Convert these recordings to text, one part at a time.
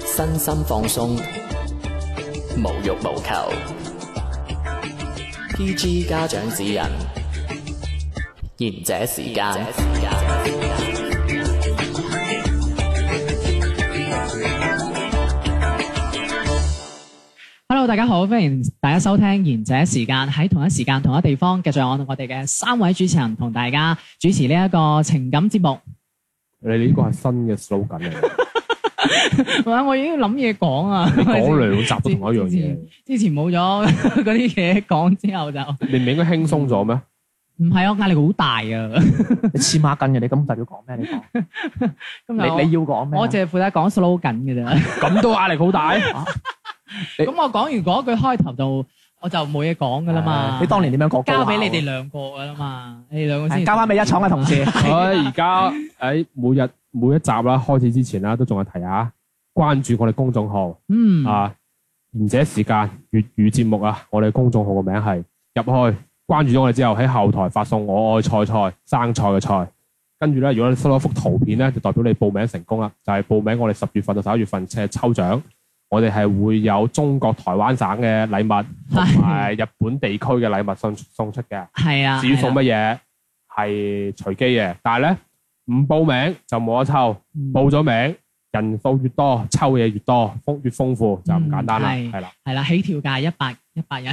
身心放鬆，無欲無求。PG 家長指引，賢者時間。Hello，大家好，歡迎大家收聽賢者時間。喺同一時間、同一地方，繼續我我哋嘅三位主持人同大家主持呢一個情感節目。你你呢個係新嘅 slogan 嚟？我我已經諗嘢講啊，你講兩集都同一樣嘢，之前冇咗嗰啲嘢講之後就，你唔應該輕鬆咗咩？唔係我壓力好大啊！你黐孖筋嘅你，今日要講咩？你講，今日你要講咩？我淨係負責講 slogan 嘅啫，咁都壓力好大。咁我講完嗰句開頭就。我就冇嘢講噶啦嘛，你當年點樣講？交俾你哋兩個噶啦嘛，你哋兩個先。交翻俾一廠嘅，啊，同事。 我而家喺每日每一集啦，啊，開始之前啦，啊，都仲係提下，關注我哋公眾號。嗯。啊，賢者時間粵語節目啊，我哋公眾號個名係入去關注咗我哋之後，喺後台發送我愛菜菜生菜嘅菜，跟住咧，如果你收到一幅圖片咧，就代表你報名成功啦。就係、是、報名我哋十月份到十一月份，即係抽獎。我哋係會有中國台灣省嘅禮物，同埋日本地區嘅禮物送送出嘅。係啊，至於送乜嘢係隨機嘅，但係咧，唔報名就冇得抽，報咗名人數越多，抽嘢越多，豐越豐富就唔簡單啦。係啦，係啦，起跳價一百一百日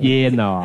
圓啊！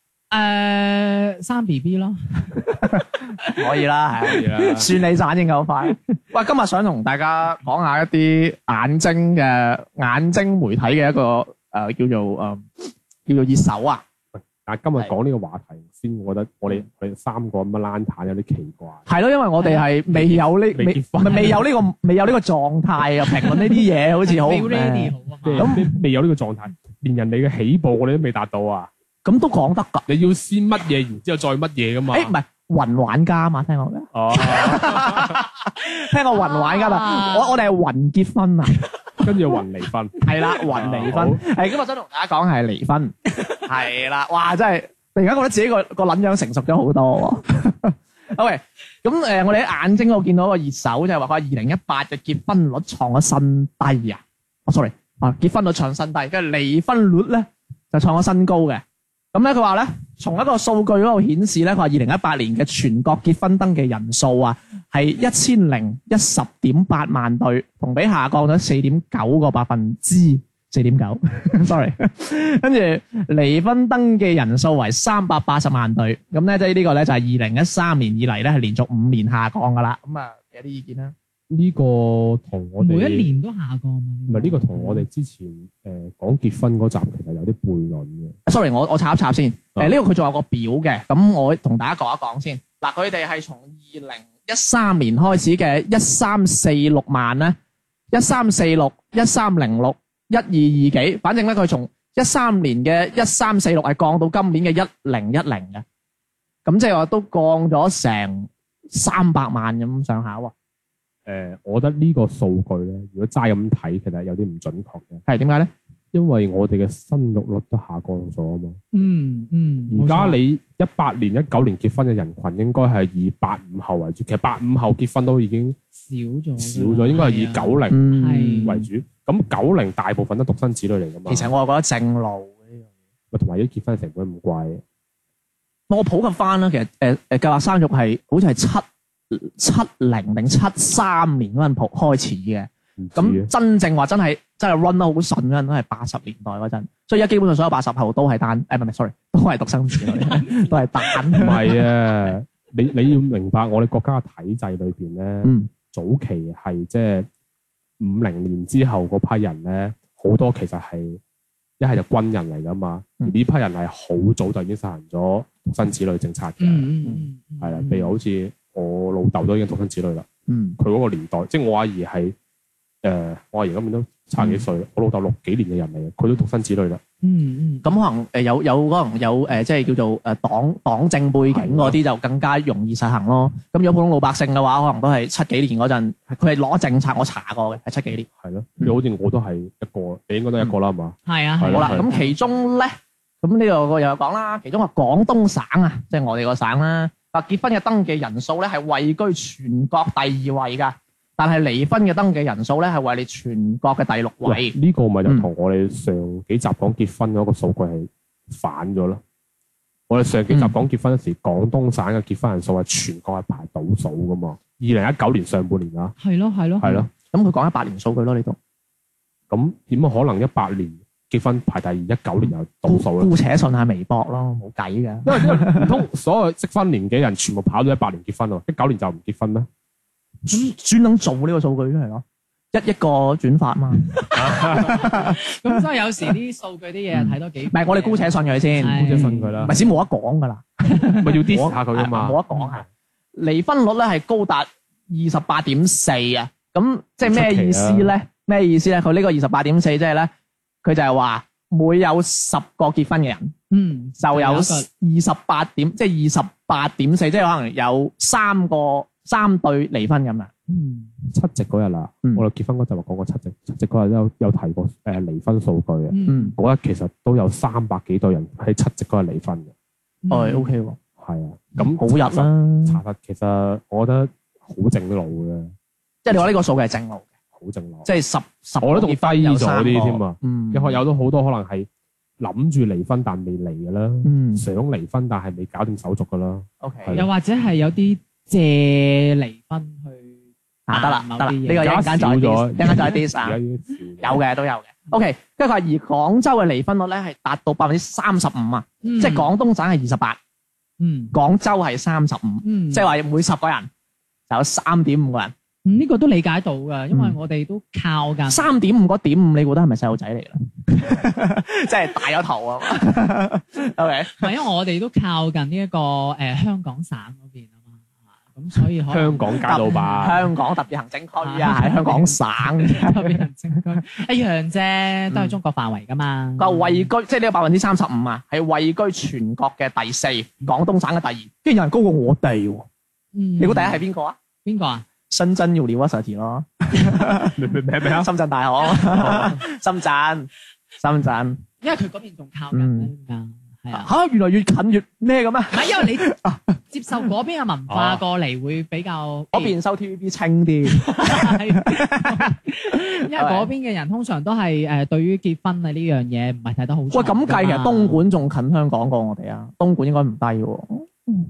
誒，uh, 生 B B 咯， 可以啦，係 可以啦，算你賺，應咁快。喂， 今日想同大家講下一啲眼睛嘅眼睛媒體嘅一個誒、呃，叫做誒、呃，叫做熱手啊。啊，今日講呢個話題，先我覺得我哋佢是三個咁嘅冷淡有啲奇怪。係咯，因為我哋係未有呢未是未有呢個未有呢、這個狀態啊，評論呢啲嘢好似好未 ready 未有呢個狀態，連人哋嘅起步我哋都未達到啊。咁都講得噶，你要先乜嘢，然之後再乜嘢噶嘛？誒，唔係雲玩家嘛？聽過咩？哦，聽過雲玩家啦，我我哋係雲結婚啊，跟住雲離婚。係啦，雲離婚。係咁啊，我想同大家講係離婚。係啦，哇，真係，突然間覺得自己個個捻樣成熟咗好多。喂，咁誒，我哋喺眼睛度見到個熱搜，就係話佢二零一八就結婚率創咗新低啊。我 sorry，啊，結婚率創新低，跟住離婚率咧就創咗新高嘅。咁咧，佢話咧，從一個數據嗰度顯示咧，佢話二零一八年嘅全國結婚登記人數啊，係一千零一十點八萬對，同比下降咗四點九個百分之四點九，sorry，跟住離婚登記人數為三百八十萬對，咁咧即係呢、就是、個咧就係二零一三年以嚟咧係連續五年下降噶啦，咁啊有啲意見啦。呢個同我哋每一年都下降嘛？唔係呢個同我哋之前誒講結婚嗰集其實有啲背論嘅。Sorry，我我插一插先。誒呢個佢仲有個表嘅，咁我同大家講一講先。嗱，佢哋係從二零一三年開始嘅一三四六萬咧，一三四六、一三零六、一二二幾，反正咧佢從一三年嘅一三四六係降到今年嘅一零一零嘅，咁即係話都降咗成三百萬咁上下喎。誒、呃，我覺得個數呢個數據咧，如果齋咁睇，其實有啲唔準確嘅。係點解咧？為呢因為我哋嘅生育率都下降咗啊嘛。嗯嗯。而家你一八年、一九年結婚嘅人群，應該係以八五後為主。其實八五後結婚都已經少咗，少咗，應該係以九零、啊嗯、為主。咁九零大部分都獨生子女嚟噶嘛。其實我又覺得正路呢樣嘢。同埋啲結婚嘅成本咁貴。我普及翻啦，其實誒誒計劃生育係好似係七。七零定七三年嗰陣鋪開始嘅，咁真正話真係真係 run 得好順嗰陣都係八十年代嗰陣，所以而家基本上所有八十後都係單誒唔係 sorry，都係獨生子女， 都係單。唔係啊，你你要明白我哋國家嘅體制裏邊咧，嗯、早期係即係五零年之後嗰批人咧，好多其實係一係就軍人嚟噶嘛，而呢批、嗯、人係好早就已經實行咗獨生子女政策嘅，係啦、嗯，譬、嗯嗯、如好似。我老豆都已經獨生子女啦，佢嗰個年代，即係我阿姨係，誒，我阿姨今年都差幾歲，我老豆六幾年嘅人嚟嘅，佢都獨生子女啦。嗯嗯，咁可能誒有有可能有誒，即係叫做誒黨黨政背景嗰啲就更加容易實行咯。咁如果普通老百姓嘅話，可能都係七幾年嗰陣，佢係攞政策，我查過嘅係七幾年。係咯，好似我都係一個，你應該都一個啦，係嘛？係啊，好啦，咁其中咧，咁呢個又講啦，其中啊廣東省啊，即係我哋個省啦。嗱，結婚嘅登記人數咧係位居全國第二位噶，但係離婚嘅登記人數咧係位列全國嘅第六位。呢個咪就同我哋上幾集講結婚嗰個數據係反咗咯。我哋上幾集講結婚嗰時，廣東省嘅結婚人數係全國係排倒數噶嘛。二零一九年上半年啊，係咯係咯係咯。咁佢講一百年數據咯，呢度。咁點可能一百年？結婚排第二，一九年又倒數啦。姑且信下微博咯，冇計噶，因為唔通所有適婚年紀人全部跑到一八年結婚咯，一九年就唔結婚啦。專專登做呢個數據出嚟咯，一一個轉發嘛。咁所以有時啲數據啲嘢睇多幾。唔係，我哋姑且信佢先，姑且信佢啦。唔係先冇得講噶啦，咪要 diss 下佢啊嘛。冇得講啊，離婚率咧係高達二十八點四啊，咁即係咩意思咧？咩意思咧？佢呢個二十八點四即係咧？佢就係話每有十個結婚嘅人，嗯，就有二十八點，即係二十八點四，即係可能有三個三對離婚咁啦。嗯，七夕嗰日啦，我哋結婚嗰陣話講過七夕，七夕嗰日有有提過誒離婚數據嘅，嗯，嗰日其實都有三百幾對人喺七夕嗰日離婚嘅。哦，O K 喎，係啊，咁好入啦，查實其實我覺得好正路嘅，即係你話呢個數據係正路。好正落，即係十十，我都仲低咗啲添啊！嗯，亦可有咗好多可能係諗住離婚但未離嘅啦，嗯，想離婚但係未搞掂手續嘅啦。O K，又或者係有啲借離婚去辦得啦，得啦，呢個又減少咗，呢個就啲散有嘅都有嘅。O K，跟住佢話，而廣州嘅離婚率咧係達到百分之三十五啊，即係廣東省係二十八，嗯，廣州係三十五，嗯，即係話每十個人就有三點五個人。呢個都理解到噶，因為我哋都靠近三點五個點五，你覺得係咪細路仔嚟啦？即係大咗頭啊嘛，係咪？唔係，因為我哋都靠近呢一個誒香港省嗰邊啊嘛，咁所以香港街道吧？香港特別行政區啊，喺香港省特別行政區，一樣啫，都係中國範圍噶嘛。個位居即係呢個百分之三十五啊，係位居全國嘅第四，廣東省嘅第二，跟住有人高過我哋。嗯，你估第一係邊個啊？邊個啊？新增要 University 深圳大學， 深圳，深圳，因為佢嗰邊仲靠近、嗯、啊，係啊，吓越來越近越咩嘅咩？唔係，因為你接受嗰邊嘅文化過嚟會比較，嗰邊、 欸、收 TVB 清啲。 因為嗰邊嘅人通常都係誒對於結婚啊呢樣嘢唔係睇得好，喂咁計其實東莞仲近香港過我哋啊，東莞應該唔低嘅。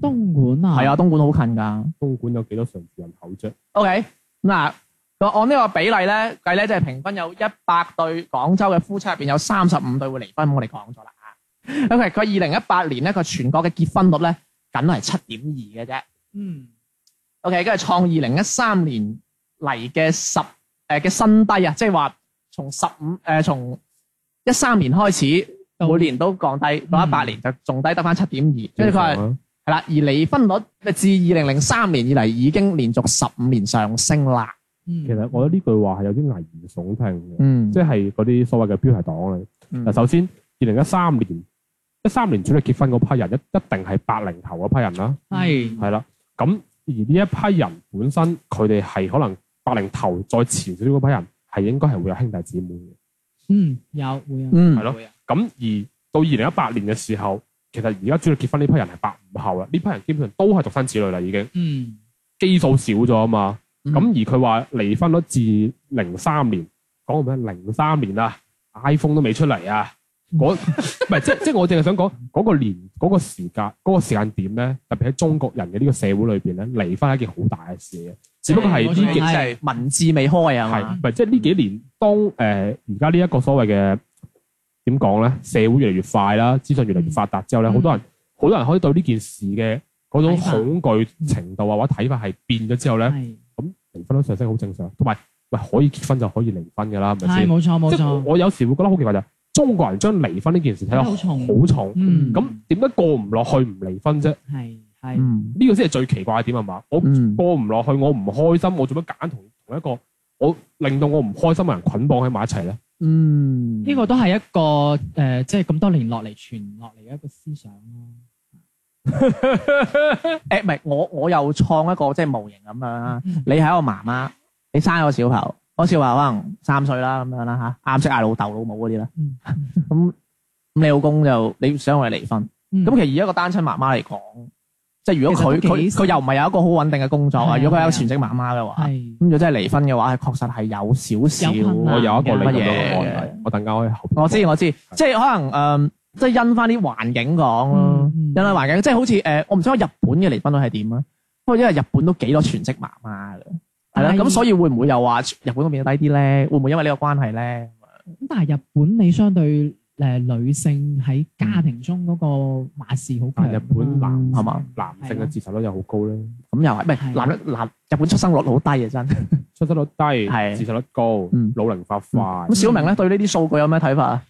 東莞啊，係啊，東莞好近噶。東莞有幾多城市人口啫？OK，嗱，我按呢個比例咧計咧，即係平均有一百對廣州嘅夫妻入邊，有三十五對會離婚，我哋講咗啦啊。OK，佢二零一八年咧，佢全國嘅結婚率咧，梗係七點二嘅啫。嗯。OK，跟住創二零一三年嚟嘅十誒嘅新低啊，即係話從十五誒從一三年開始每年都降低，到一八年就仲低得翻七點二，跟住佢係。係啦，而離婚率自二零零三年以嚟，已經連續十五年上升啦。嗯，其實我覺得呢句話係有啲危言聳聽嘅。嗯，即係嗰啲所謂嘅標題黨嚟。嗱，首先二零一三年，一三年主力結婚嗰批人一一定係八零頭嗰批人啦。係係啦，咁而呢一批人本身佢哋係可能八零頭再前少少嗰批人係應該係會有兄弟姊妹嘅。嗯，有會有。嗯，係咯。咁而到二零一八年嘅時候，其實而家主力結婚呢批人係八。後啦，呢批人基本上都係獨生子女啦，已經、嗯、基數少咗啊嘛。咁、嗯、而佢話離婚率至零三年，講個咩？零三年啊，iPhone 都未出嚟啊。嗰唔係即係即係我淨係想講、嗰個年嗰、嗰個時間嗰、嗰個時間點咧，特別喺中國人嘅呢個社會裏邊咧，離婚係一件好大嘅事。嗯、只不過係啲、嗯、幾，係文字未開啊。係唔係即係呢、嗯、幾年當誒而家呢一個所謂嘅點講咧，社會越嚟越，越快啦，資訊越嚟越，越發達之後咧，好后多人、嗯。好多人可以對呢件事嘅嗰種恐懼程度啊，或者睇法係變咗之後咧，咁是離婚都上升好正常。同埋喂，可以結婚就可以離婚㗎啦，係咪先？係冇錯冇錯。即係我有時會覺得好奇怪就中國人將離、嗯、離婚呢件事睇得好重好重。咁點解過唔落去唔離婚啫？係係呢個先係最奇怪嘅點係嘛？我過唔落去，我唔開心，我做乜揀同同一個我令到我唔開心嘅人捆綁喺埋一齊咧？嗯，呢、這個都係一個誒、呃，即係咁多年落嚟傳落嚟嘅一個思想咯。誒，唔係我，我又創一個即係模型咁樣啦。你係一個媽媽，你生個小朋友，好似話，可能三歲啦咁樣啦吓，啱識嗌老豆老母嗰啲啦。咁咁你老公就你想我哋離婚，咁其實而家個單親媽媽嚟講，即係如果佢佢佢又唔係有一個好穩定嘅工作啊，如果佢係一個全職媽媽嘅話，咁就真係離婚嘅話係確實係有少少我有一個乜嘢，我等間開口。我知我知，即係可能誒。即係因翻啲環境講咯，因為環境，即係好似誒，我唔想話日本嘅離婚率係點啊，因為日本都幾多全職媽媽嘅，係啦，咁所以會唔會又話日本都變低啲咧？會唔會因為呢個關係咧？咁但係日本你相對誒女性喺家庭中嗰個馬氏好強，日本男係嘛？男性嘅自殺率又好高咧，咁又係，唔係男男日本出生率好低啊，真，出生率低，自殺率高，老齡化快。咁小明咧對呢啲數據有咩睇法啊？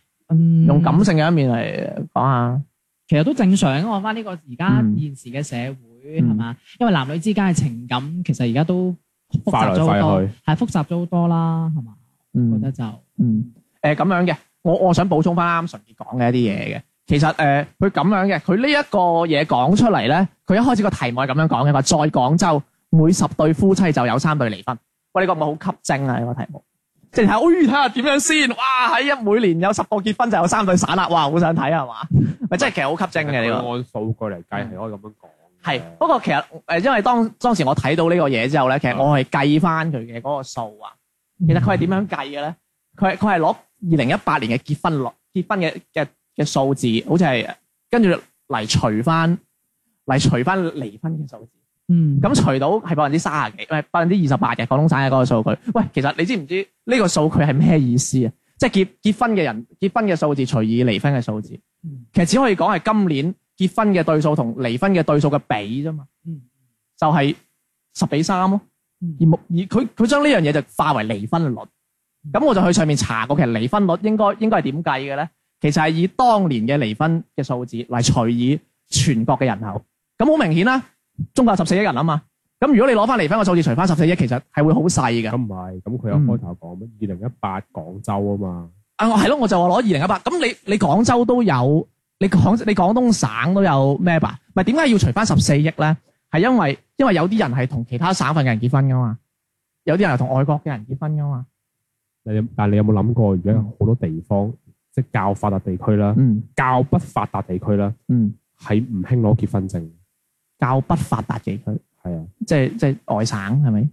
用感性嘅一面嚟講下，其實都正常，我翻呢個而家現時嘅社會係嘛，因為男女之間嘅情感其實而家都複雜咗好多，係複雜咗好多啦，係嘛？我覺得就，誒咁樣嘅，我我想補充翻啱純傑講嘅一啲嘢嘅，其實誒佢咁樣嘅，佢呢一個嘢講出嚟咧，佢一開始個題目係咁樣講嘅嘛，在廣州每十對夫妻就有三對離婚，喂，你覺唔覺好吸睛啊呢個題目？即係睇，誒，睇下點樣先。哇，係啊，每年有十個結婚就有三對散啦，哇，好想睇係嘛，咪真係其實好吸睛嘅呢個。按數據嚟計係可以咁樣講。係，不過其實誒，因為當當時我睇到呢個嘢之後咧，其實我係計翻佢嘅嗰個數啊。其實佢係點樣計嘅咧？佢佢係攞二零一八年嘅結婚率、結婚嘅嘅嘅數字，好似係跟住嚟除翻嚟除翻離婚嘅數字。嗯，咁除到係百分之卅幾，唔係百分之二十八嘅廣東省嘅嗰個數據。喂，其實你知唔知呢個數據係咩意思啊？即係結結婚嘅人，結婚嘅數字除以離婚嘅數字，數字，嗯、其實只可以講係今年結婚嘅對數同離婚嘅對數嘅比啫嘛。嗯，就係十比三咯、啊。嗯、而而佢佢將呢樣嘢就化為離婚率。咁、嗯、我就去上面查過，其實離婚率應該應該係點計嘅咧？其實係以當年嘅離婚嘅數字嚟除以全國嘅人口。咁好明顯啦。中國十四億人啊嘛，咁如果你攞翻離婚個數字除翻十四億，其實係會好細嘅。咁唔係，咁佢有開頭講咩？二零一八廣州啊嘛。啊，我係咯，我就話攞二零一八。咁你你廣州都有，你廣你廣東省都有咩吧？咪點解要除翻十四億咧？係因為因為有啲人係同其他省份嘅人結婚噶嘛，有啲人係同外國嘅人結婚噶嘛。但係但係你有冇諗過，而家有好多地方，即係較發達地區啦，較不發達地區啦，嗯，係唔興攞結婚證。較不發達地區，係啊，即係即係外省係咪？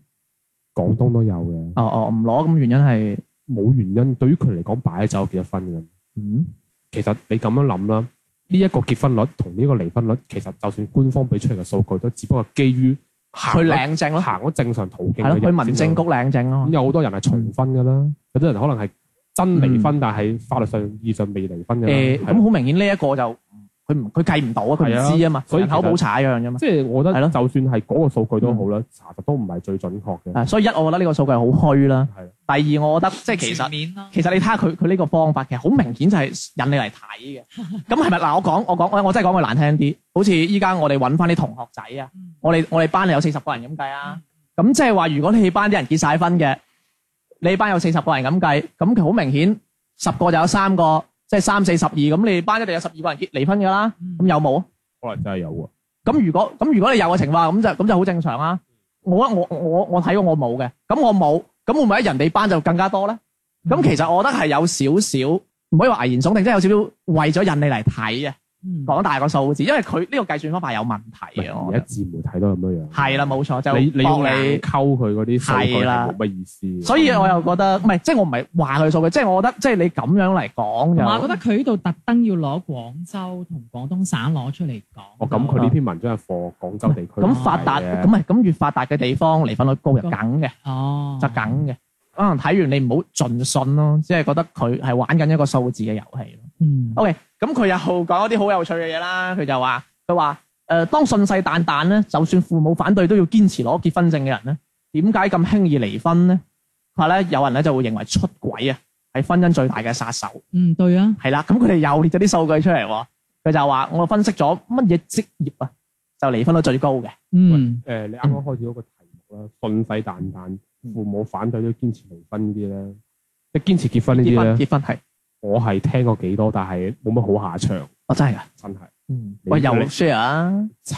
廣東都有嘅。哦哦，唔攞咁原因係冇原因。對於佢嚟講，擺酒結婚嘅。嗯，其實你咁樣諗啦，呢一個結婚率同呢個離婚率，其實就算官方俾出嚟嘅數據，都只不過基於去領證咯，行咗正常途徑。係咯，去民政局領證咯。咁有好多人係重婚噶啦，有啲人可能係真離婚，但係法律上意上未離婚嘅。誒，咁好明顯呢一個就。佢唔佢計唔到啊！佢唔知啊嘛，所以人口普查一樣噶嘛。即係我覺得，就算係嗰個數據好、嗯、都好啦，查實都唔係最準確嘅。所以一，我覺得呢個數據係好虛啦。的第二，我覺得即係其實，啊、其實你睇下佢佢呢個方法，其實好明顯就係引你嚟睇嘅。咁係咪嗱？我講我講，我真係講句難聽啲。好似依家我哋揾翻啲同學仔、嗯、啊，我哋我哋班有四十個人咁計啊。咁即係話，如果你班啲人結晒婚嘅，你班有四十個人咁計，咁佢好明顯，十個就有三個。即係三四十二，咁你班一定有十二個人結離婚噶啦，咁有冇？可能真係有喎、啊。咁如果咁如果你有嘅情況，咁就咁就好正常啦、啊。我我我我睇過我冇嘅，咁我冇，咁會唔會喺人哋班就更加多咧？咁其實我覺得係有少少，唔可以話危言聳聽，即係有少少為咗人哋嚟睇嘅。講大個數字，因為佢呢個計算方法有問題啊！而家字媒睇到咁樣樣，係啦，冇 錯就你你用你溝佢嗰啲數據冇乜意思，所以我又覺得唔係，即係我唔係話佢數據，即係我覺得即係你咁樣嚟講又，我係覺得佢呢度特登要攞廣州同廣東省攞出嚟講。哦，咁佢呢篇文章係 for 廣州地區咁、啊、發達，咁係咁越發達嘅地方離婚率高又梗嘅哦，就梗嘅可能睇完你唔好盡信咯、啊，即係覺得佢係玩緊一個數字嘅遊戲。嗯，OK，咁佢又講一啲好有趣嘅嘢啦。佢就話，佢話，誒、呃，當信誓旦旦咧，就算父母反對都要堅持攞結婚證嘅人咧，點解咁輕易離婚咧？佢話咧，有人咧就會認為出軌啊，係婚姻最大嘅殺手。嗯，對啊。係啦，咁佢哋又列咗啲數據出嚟，佢就話，我分析咗乜嘢職業啊，就離婚率最高嘅。嗯，誒、呃，你啱啱開始嗰個題目啦，信誓、嗯、旦旦旦，父母反對都堅持離婚啲咧，即係堅持結婚呢啲結婚係。我係聽過幾多，但係冇乜好下場。我真係噶，真係。嗯，喂，又 share 啊，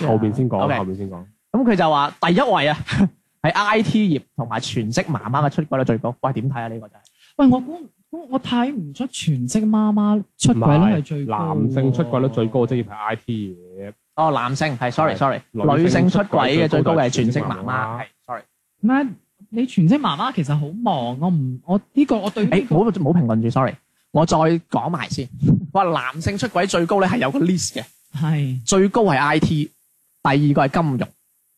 後面先講，後面先講。咁佢就話第一位啊，係 IT 業同埋全職媽媽嘅出軌率最高。喂，點睇啊？呢個真係。喂，我估，我睇唔出全職媽媽出軌率最高。男性出軌率最高嘅職業係 IT 業。哦，男性係，sorry，sorry，女性出軌嘅最高嘅係全職媽媽，係，sorry。咩？你全職媽媽其實好忙，我唔，我呢個我對呢個，唔好唔好評論住，sorry。.我再講埋先，話男性出軌最高咧係有個 list 嘅，係是最高係 IT，第二個係金融，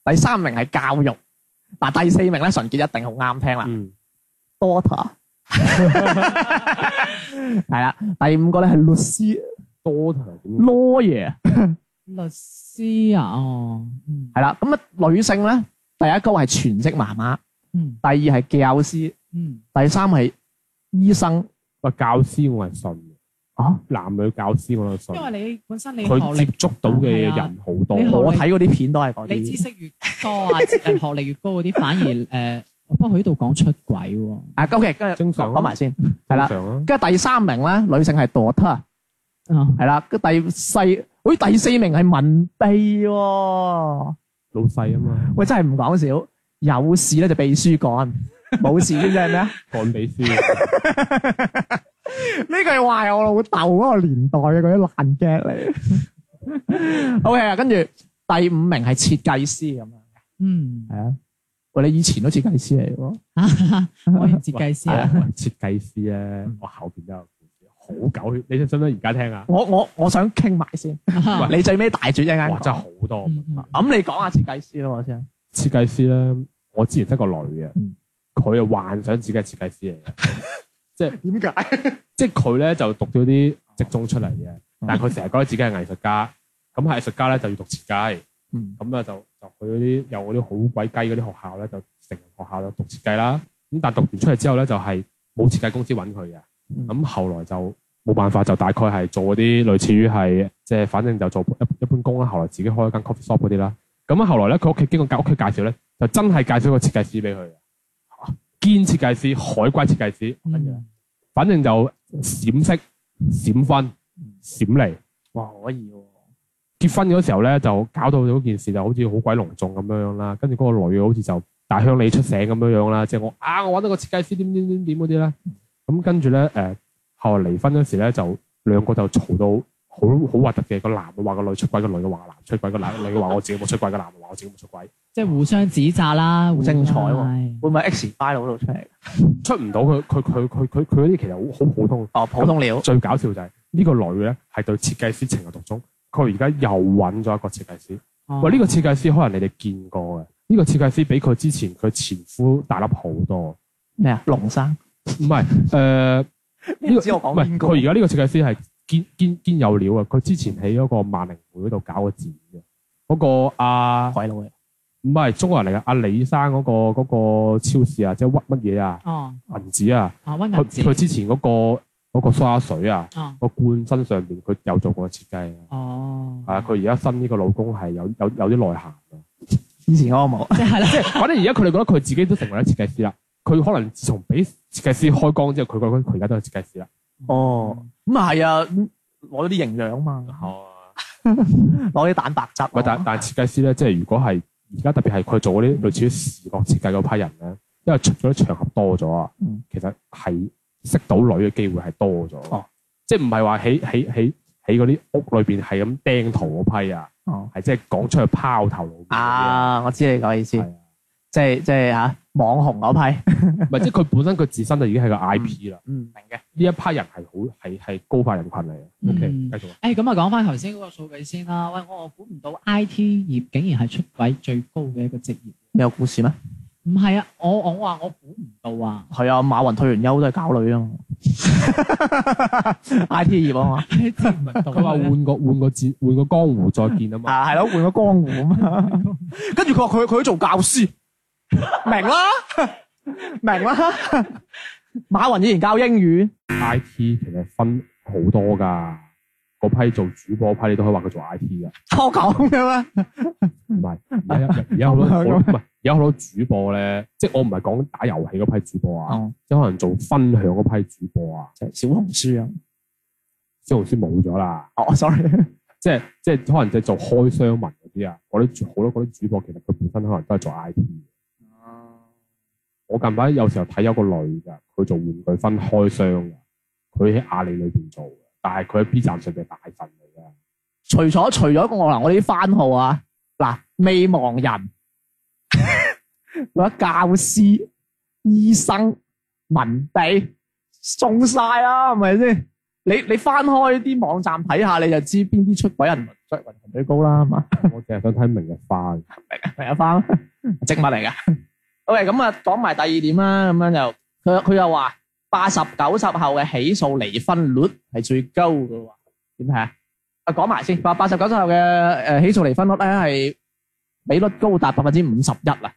第三名係教育，但第四名咧純潔一定好啱聽啦，daughter，係啦，第五個咧係律師，daughter，lawyer，律師啊，哦，係、嗯、啦，咁啊女性咧，第一高係全職媽媽，嗯，第二係教師，嗯，第三係醫生。喂，教師我係信嘅。啊，男女教師我都信。因為你本身你佢接觸到嘅人好多，我睇嗰啲片都係講。你知識越多啊，誒學歷越高嗰啲反而誒，不過佢呢度講出軌喎。啊，OK，跟住講埋先，係啦。跟住第三名咧，女性係墮胎。嗯，係啦。個第四，咦？第四名係文秘喎。老細啊嘛。喂，真係唔講笑，有事咧就秘書幹。冇事錢啫咩？講比知，呢句話係我老豆嗰個年代嘅嗰啲爛 gag 嚟。O K 啊，跟住第五名係設計師咁樣嘅，嗯，係啊，喂，你以前都設計師嚟嘅。我係設計師啊，設計師咧，我後邊有一個好狗血，你想唔想而家聽啊？我我我想傾埋先，你最尾大轉一啱，哇，真係好多。咁你講下設計師啦，我先。設計師咧，我之前得個女嘅。佢啊幻想自己係設計師嚟嘅， 即係點解？即係佢咧就讀咗啲職中出嚟嘅，但係佢成日覺得自己係藝術家，咁係藝術家咧就要讀設計，咁啊、嗯、就就去嗰啲有嗰啲好鬼雞嗰啲學校咧，就成人學校就讀設計啦。咁但係讀完出嚟之後咧，就係冇設計公司揾佢嘅。咁、嗯、後來就冇辦法，就大概係做嗰啲類似於係即係，就是、反正就做一一般工啦。後來自己開一間 coffee shop 嗰啲啦。咁啊後來咧，佢屋企經過介屋企介紹咧，就真係介紹個設計師俾佢。兼設計師、海龜設計師，跟住、嗯，反正就閃色、閃婚、閃離，哇！可以喎、啊。結婚嗰時候咧，就搞到咗件事就就，就好似好鬼隆重咁樣樣啦。跟住嗰個女好似就大鄉里出城咁樣樣啦，即係我啊，我揾到個設計師點點點點嗰啲咧。咁跟住咧，誒、嗯呃、後嚟離婚嗰時咧，就兩個就嘈到。好好核突嘅，個男話個女出軌，個女話個男出軌，個 Okay. 男女話我自己冇出軌，個男話我自己冇出軌，即係互相指責啦，精彩喎！相會唔會 X 牌攞度出嚟？ 出唔到佢，佢佢佢佢佢嗰啲其實好好普通。哦，普通料。最搞笑就係呢個女咧，係對設計師情有獨鍾。佢而家又揾咗一個設計師。哇、哦！呢個設計師可能你哋見過嘅，呢個設計師比佢之前佢前夫大粒好多。咩啊？龍生？唔係，誒、呃，呢 誰、呢個唔係佢而家呢個設計師係。堅堅堅有料、那個、啊！佢之前喺嗰個萬菱匯嗰度搞個展嘅，嗰個阿鬼佬嘅唔係中國人嚟嘅，阿、啊、李生嗰、那個、那個超市啊，即係屈乜嘢啊，銀紙、哦、啊，佢、啊、之前嗰、那個嗰、那個蘇打水啊，個、哦、罐身上面佢有做過設計啊，係、哦、啊，佢而家新呢個老公係有有有啲內涵嘅。以前我冇，即係係，反正而家佢哋覺得佢自己都成為咗設計師啦。佢可能自從俾設計師開光之後，佢覺得佢而家都係設計師啦。哦、嗯。嗯嗯。咁啊係啊，攞啲營養嘛，攞啲蛋白質。喂，但但設計師咧，即係如果係而家特別係佢做嗰啲類似視覺設計嗰批人咧，因為出咗啲場合多咗啊，其實係識到女嘅機會係多咗，即係唔係話喺喺喺喺嗰啲屋裏邊係咁釘圖嗰批啊，係即係講出去拋頭露面啊。我知你講意思，即係即係啊。網紅嗰批，唔係 即係佢本身佢自身就已經係個 I P 啦。嗯，明嘅呢一批人係好係係高發人群嚟嘅。O K，繼續。誒、欸，咁啊，講翻頭先嗰個數據先啦。喂，我我估唔到 I T 業竟然係出軌最高嘅一個職業。你有故事咩？唔係啊，我我我話我估唔到啊。係啊，馬雲退完休都係搞女 IT 啊。 I T 業啊嘛，佢話換個換個字，換個江湖再見啊嘛。 啊，係咯，換個江湖啊 跟住佢話佢佢做教師。 明啦，明啦。馬雲以前教英語。I T 其實分好多噶，嗰批做主播，批你都可以話佢做 I T 噶。我講嘅咩？唔係唔係，而家好多唔係而家好多主播咧，即係我唔係講打遊戲嗰批主播啊，嗯、即係可能做分享嗰批主播啊，即係小紅書啊，小紅書冇咗啦。哦，sorry，即係即係可能即係做開箱文嗰啲啊，嗰啲好多嗰啲主播，其實佢本身可能都係做 I T。我近排有時候睇有個女㗎，佢做玩具分開箱嘅，佢喺阿里裏邊做，但係佢喺 B 站上嘅大份嚟嘅。除咗除咗個我啦，我啲番號啊，嗱，未亡人，我啲 教師、 醫生、文秘庇，送晒啊，係咪先？你你翻開啲網站睇下，你就知邊啲出軌人率雲層最高啦，係嘛？我淨係想睇明日花明，明日花 植物嚟㗎。喂，咁啊，講埋第二點啦。咁樣就佢佢又話八十九十後嘅起訴離婚率係最高㗎，點睇啊？啊，講埋先，八八十九十後嘅誒起訴離婚率咧係比率高達百分之五十一啊，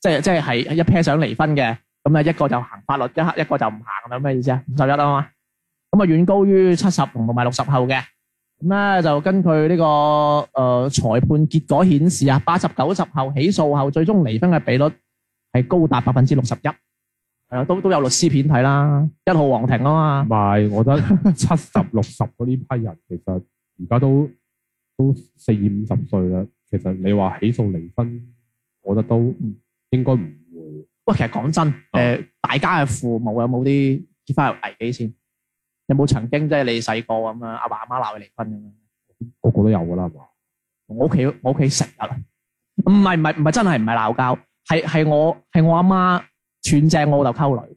即係即係係一 pair 想離婚嘅，咁啊一個就行法律，一刻一個就唔行咁樣，咩意思啊？五十一啦嘛，咁啊遠高於七十同同埋六十後嘅咁咧，就根據呢個誒裁判結果顯示啊，八十九十後起訴後最終離婚嘅比率。係高達百分之六十一，係啊，都都有律師片睇啦，一號皇庭啊嘛。唔係，我覺得七十六十嗰啲批人，其實而家都都四五十歲啦。其實你話起訴離婚，我覺得都應該唔會。喂，其實講真，誒，大家嘅父母有冇啲結婚危機先？有冇曾經即係你細個咁啊？阿爸阿媽鬧佢離婚咁啊？個個都有噶啦，係嘛？我屋企，我屋企成日，唔係唔係唔係真係唔係鬧交。係係我係我阿媽斷正我老豆溝女，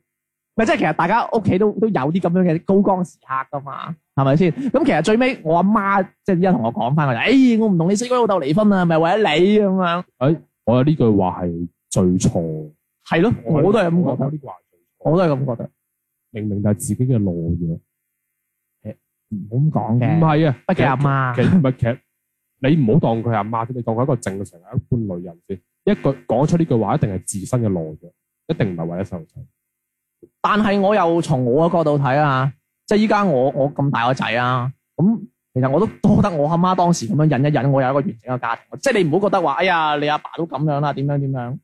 咪即係其實大家屋企都都有啲咁樣嘅高光時刻噶嘛，係咪先？咁其實最尾我阿媽即係依家同我講翻佢就，誒，我唔同你死鬼老豆離婚啊，係咪為咗你咁樣。誒，我有呢句話係最錯。係咯，我都係咁覺得，有啲懷疑，我都係咁覺得。明明就係自己嘅懦弱，唔好咁講嘅。唔係啊，畢竟阿媽。其實唔係，其實你唔好當佢阿媽，你當佢一個正常嘅一般女人先。一句講出呢句話，一定係自身嘅懦弱，一定唔係為咗細路。但係我又從我嘅角度睇啊，即係依家我我咁大個仔啊，咁其實我都多得我阿媽當時咁樣忍一忍，我有一個完整嘅家庭。即係你唔好覺得話，哎呀，你阿爸，爸都咁樣啦，啊，點樣點樣。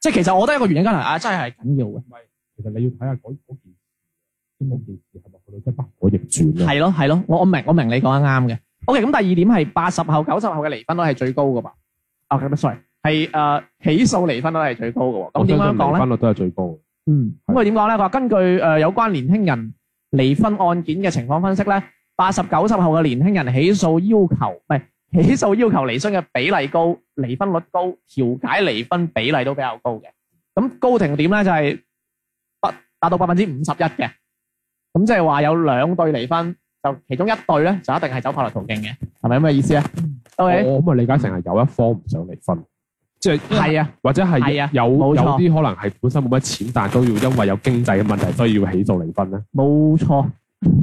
即係其實我覺得一個完整嘅家庭真係啊，真係緊要嘅。唔係，其實你要睇下嗰嗰件呢件事係咪去到真不可逆轉嘅。係咯係咯，我我明我明你講得啱嘅。O K，咁第二點係八十後、九十後嘅離婚率係最高嘅吧？O K，sorry。Okay, 係誒，起訴離婚率都係最高嘅。咁點樣講咧？離婚率都係最高嘅。嗯。咁佢點講咧？佢話根據誒有關年輕人離婚案件嘅情況分析咧，八十九十後嘅年輕人起訴要求唔係起訴要求離婚嘅比例高，離婚率高，調解離婚比例都比較高嘅。咁高庭點咧？就係百達到百分之五十一嘅。咁即係話有兩對離婚，就其中一對咧就一定係走法律途徑嘅，係咪咁嘅意思啊？都係。哦，咁啊，理解成係有一方唔想離婚。即係，啊、或者係有、啊、有啲可能係本身冇乜錢，但係都要因為有經濟嘅問題，所以要起訴離婚咧。冇錯，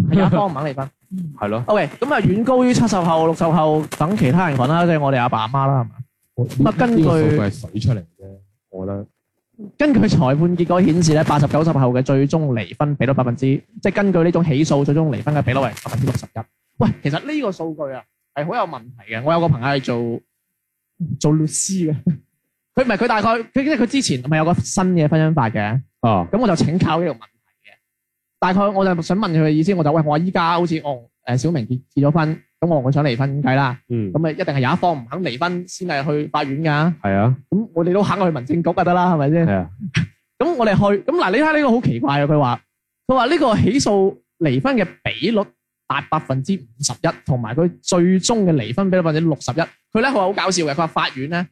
一方唔肯離婚，係咯。OK，咁啊，okay，遠高於七十後、六十後等其他人羣啦，即係我哋阿爸阿媽啦，係嘛？咁啊，根據呢個出嚟嘅，我覺得。根據裁判結果顯示咧，八十九十後嘅最終離婚比率百分之，即係根據呢種起訴最終離婚嘅比率為百分之六十一。喂，其實呢個數據啊係好有問題嘅。我有個朋友係做做律師嘅。佢唔係佢大概，佢佢之前唔係有個新嘅婚姻法嘅？哦，咁我就請教呢個問題嘅。大概我就想問佢嘅意思，我就喂，我依家好似我誒小明結結咗婚，咁我我想離婚咁計啦，嗯，咁咪一定係有一方唔肯離婚先係去法院㗎，係啊、嗯，咁我哋都肯去民政局就得啦，係咪先？係啊、嗯，咁 我哋去，咁嗱，你睇呢個好奇怪啊！佢話佢話呢個起訴離婚嘅比率達百分之五十一，同埋佢最終嘅離婚比率百分之六十一。佢咧佢話好搞笑嘅，佢話法院咧，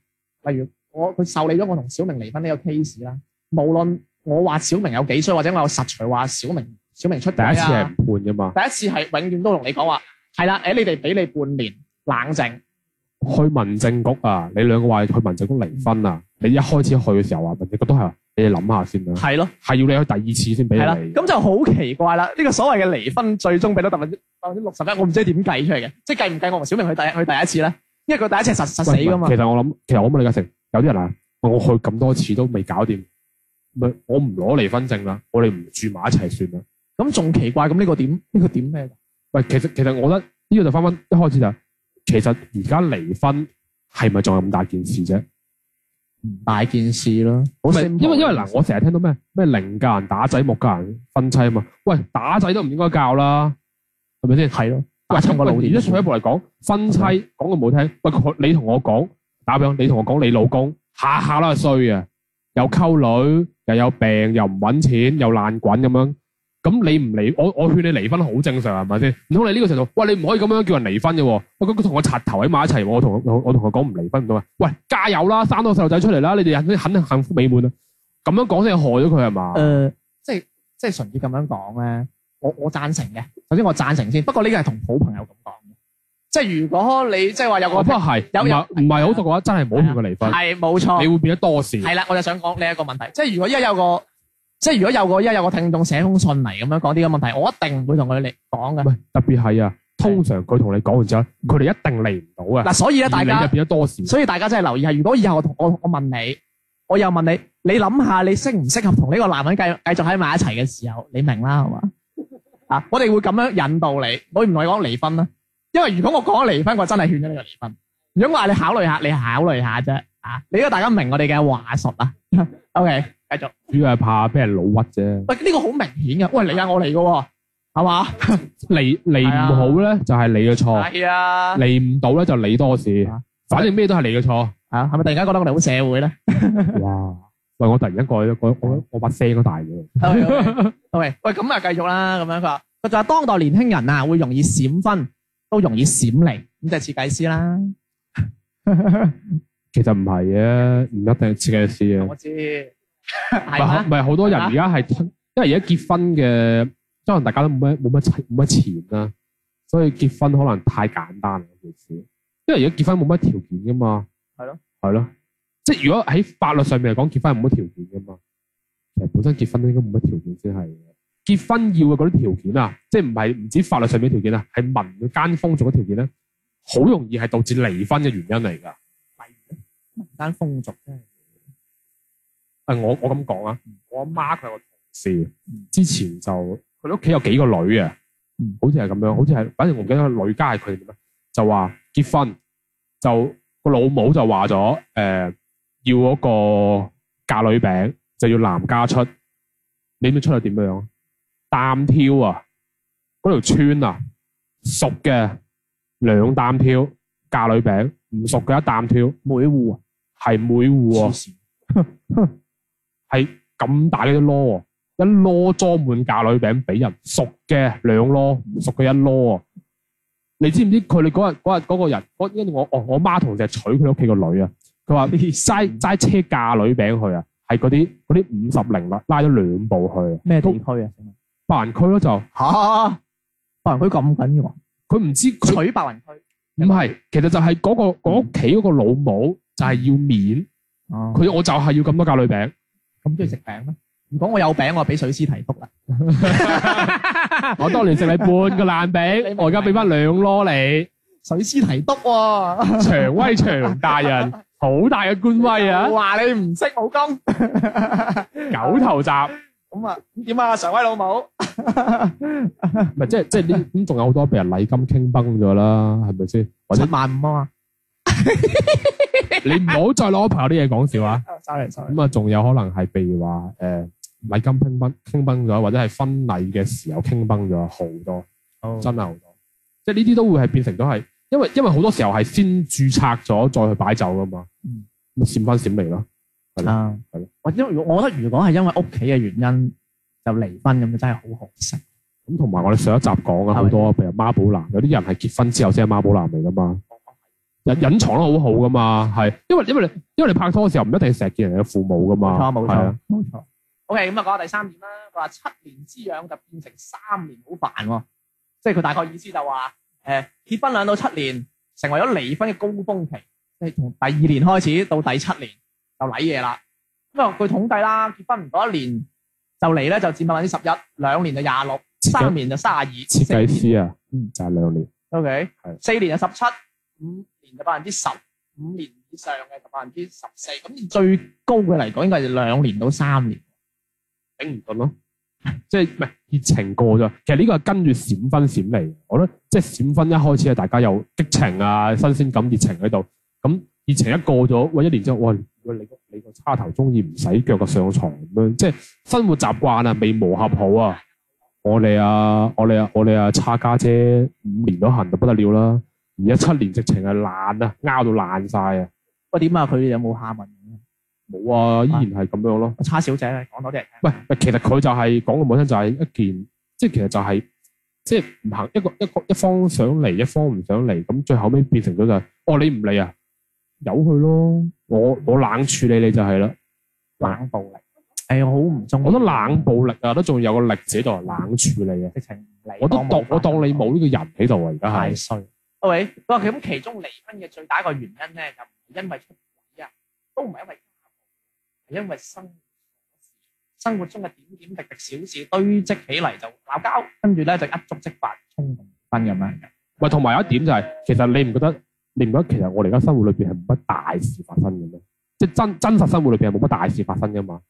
例如。我佢受理咗我同小明離婚呢個 case 啦，無論我話小明有幾衰，或者我實錘話小明小明出軌啊，第一次係唔判㗎嘛。第一次係永遠都同你講，話係啦，誒你哋俾你半年冷靜。去民政局啊，你兩個話去民政局離婚啊，你一開始去嘅時候話，民政局都係話俾你諗下先啦。係咯，係要你去第二次先俾你。咁就好奇怪啦，呢個所謂嘅離婚最終俾到百分之百分之六十一，我唔知點計出嚟嘅，即係計唔計我同小明去第去第一次咧，因為佢第一次實實死噶嘛。其實我諗，其實我冇理解成。有啲人啊，喂，我去咁多次都未搞掂，咪我唔攞離婚證啦，我哋唔住埋一齊算啦。咁仲奇怪，咁呢個點？呢個點咩？喂，其實其實我覺得呢、這個就翻翻一開始就是，其實而家離婚係咪仲有咁大件事啫？唔大件事啦，好，因為因為嗱、呃，我成日聽到咩咩寧教人打仔，莫教人分妻啊嘛。喂，打仔都唔應該教啦，係咪先？係咯，喂，差唔多六一步一步嚟講，分妻講句唔好聽，喂，佢喂你同我講。打樣？你同我講你老公下下都係衰啊，又溝女，又有病，又唔搵錢，又爛滾咁樣。咁你唔離，我我勸你離婚好正常係咪先？唔通你呢個程度？喂，你唔可以咁樣叫人離婚嘅。喂，佢佢同我插頭喺埋一齊，我同我同佢講唔離婚咁啊。喂，加油啦，生到細路仔出嚟啦，你哋肯定幸福美滿啊。咁樣講先係害咗佢係嘛？誒、呃，即係即係純粹咁樣講咧，我我贊成嘅。首先我贊成先，不過呢個係同好朋友。即係如果你即係話有個，不係有唔係唔係好熟嘅話，真係唔好同佢離婚係冇錯，你會變得多事係啦。我就想講呢一個問題，即係如果依家有個，即係如果有個依家有個聽眾寫封信嚟，咁樣講呢個問題，我一定唔會同佢嚟講嘅。喂，特別係啊，通常佢同你講完之後，佢哋一定離唔到啊。嗱，所以咧，大家就變咗多事，所以大家真係留意下。如果以後我同我我問你，我又問你，你諗下你適唔適合同呢個男人繼繼續喺埋一齊嘅時候，你明啦，係嘛啊？我哋會咁樣引導你，我唔同你講離婚啦。因為如果我講離婚，我真係勸咗你個離婚。如果話你考慮下，你考慮下啫。啊，你呢個大家明我哋嘅話術啊。 OK，繼續。主要係怕俾人老屈啫。喂，呢、這個好明顯噶。喂，你啊，我嚟噶，係嘛 吧？離離唔好咧，就係、是、你嘅錯。係啊。離唔到咧，就你多事。啊、反正咩都係你嘅錯。啊，係咪突然間覺得我哋好社會咧？ 哇！喂，我突然間過去我我把聲都大咗。 okay, okay. Okay. OK，喂，咁啊繼續啦。咁樣佢話佢就話當代年輕人啊會容易閃婚，都容易閃離，咁就係設計師啦。 其實唔係嘅，唔 一定係設計師啊、 嗯。我知，唔係好多人而家係， 因為而家結婚嘅，可能大家都冇乜冇乜冇乜錢啦、啊，所以結婚可能太簡單件事，因為而家結婚冇乜條件㗎嘛。係是咯，咯，係咯，即係如果喺法律上面嚟講，結婚係冇乜條件㗎嘛。其實本身結婚應該冇乜條件先係。結婚要嘅嗰啲條件啊，即係唔係唔止法律上面嘅條件啊，係民間風俗嘅條件咧，好容易係導致離婚嘅原因嚟噶。民間風俗真係，誒，我我咁講啊，我阿媽佢係個同事，之前就佢屋企有幾個女啊，好似係咁樣，好似係，反正我唔記得女家係佢哋點啦，就話結婚就個老母就話咗，誒、呃，要嗰個嫁女餅就要男家出，你唔知出係點樣樣。擔挑啊！嗰條村啊，熟嘅兩擔挑嫁女餅，唔熟嘅一擔挑。每戶啊，係每戶啊，係咁經 大嘅一籮啊，一籮裝滿嫁女餅俾人熟。兩熟嘅兩籮，唔熟嘅一籮啊！你知唔知佢哋嗰日嗰日個人，我因我我我媽同只娶佢屋企個女啊，佢話你齋齋車嫁女餅去啊，係嗰啲啲五十零啦，拉咗兩部去。啊，咩地區啊？.白雲區咯就吓，白雲區咁緊要喎，佢唔知取白雲區，唔係，其實就係嗰個我屋企嗰個老母就係要面，佢我就係要咁多格女餅，咁中意食餅咩？如果我有餅我俾水師提督啦，我當年食你半個爛餅，我而家俾翻兩籮你，水師提督喎，常威常大人，好大嘅官威啊，話你唔識武功，狗頭鍘。咁啊，點啊，常威老母，唔係即係即係呢？咁仲有好多俾人禮金傾崩咗啦，係咪先？或者萬五蚊啊嘛，你唔好再攞朋友啲嘢講笑啊！咁啊，仲有可能係，譬如話誒，禮金傾崩傾崩咗，或者係婚禮嘅時候傾崩咗好多，真係好多，即係呢啲都會係變成咗係，因為因為好多時候係先注冊咗，再去擺酒噶嘛，咁閃婚閃離咯。係啦，我因為我覺得如果係因為屋企嘅原因就離婚咁，就真係好可惜。咁同埋我哋上一集講嘅好多，譬如媽寶男，有啲人係結婚之後先係媽寶男嚟噶嘛，隱隱藏得好好噶嘛，係因為因為你因為你拍拖嘅時候唔一定成日見人嘅父母噶嘛，冇錯，冇錯。OK，咁啊講下第三點啦，話七年之癢就變成三年好煩，即係佢大概意思就話，誒結婚兩到七年成為咗離婚嘅高峰期，即係從第二年開始到第七年，就瀨嘢啦，咁啊據統計啦，結婚唔到一年就嚟咧就佔百分之十一，兩年就廿六，三年就卅二。設計師啊，嗯就係兩年。O K 係，四年就十七，五年就百分之十，五年以上嘅就百分之十四。咁最高嘅嚟講應該係兩年到三年頂唔順咯，即係唔係熱情過咗，其實呢個係跟住閃婚閃離，我覺得即係閃婚一開始係大家有激情啊新鮮感、熱情喺度，咁熱情一過咗，喂一年之後，喂。你你個叉頭中意唔使腳嘅上床咁樣，即係生活習慣啊未磨合好啊！我哋啊，我哋啊，我哋啊，叉家姐五年都痕到不得了啦，而家七年直情係爛啊，拗到爛晒啊！喂，點啊？佢有冇下文？冇啊，的依然係咁樣咯。叉小姐，講多啲。喂，其實佢就係、是、講嘅本身就係一件，即係其實就係、是、即係唔行，一個一個一方想嚟，一方唔想嚟，咁最後尾變成咗就是，哦，你唔嚟啊，由佢咯。我我冷處理你就係啦，冷暴力，係我好唔中意。我覺得冷暴力啊，都仲有個力字喺度，冷處理啊。直情，我都當我當你冇呢個人喺度啊，而家係。太衰，喂，佢話，咁其中離婚嘅最大一個原因咧，就唔係因為出軌啊，都唔係因為其他，係因為生生活中嘅點點滴滴小事堆積起嚟就鬧交，跟住咧就一觸即發，衝動分嘅咩？喂，同埋有一點就係，其實你唔覺得？你唔覺得其實我哋而家生活裏邊係冇乜大事發生嘅咩？即係真真實生活裏邊係冇乜大事發生嘅嘛？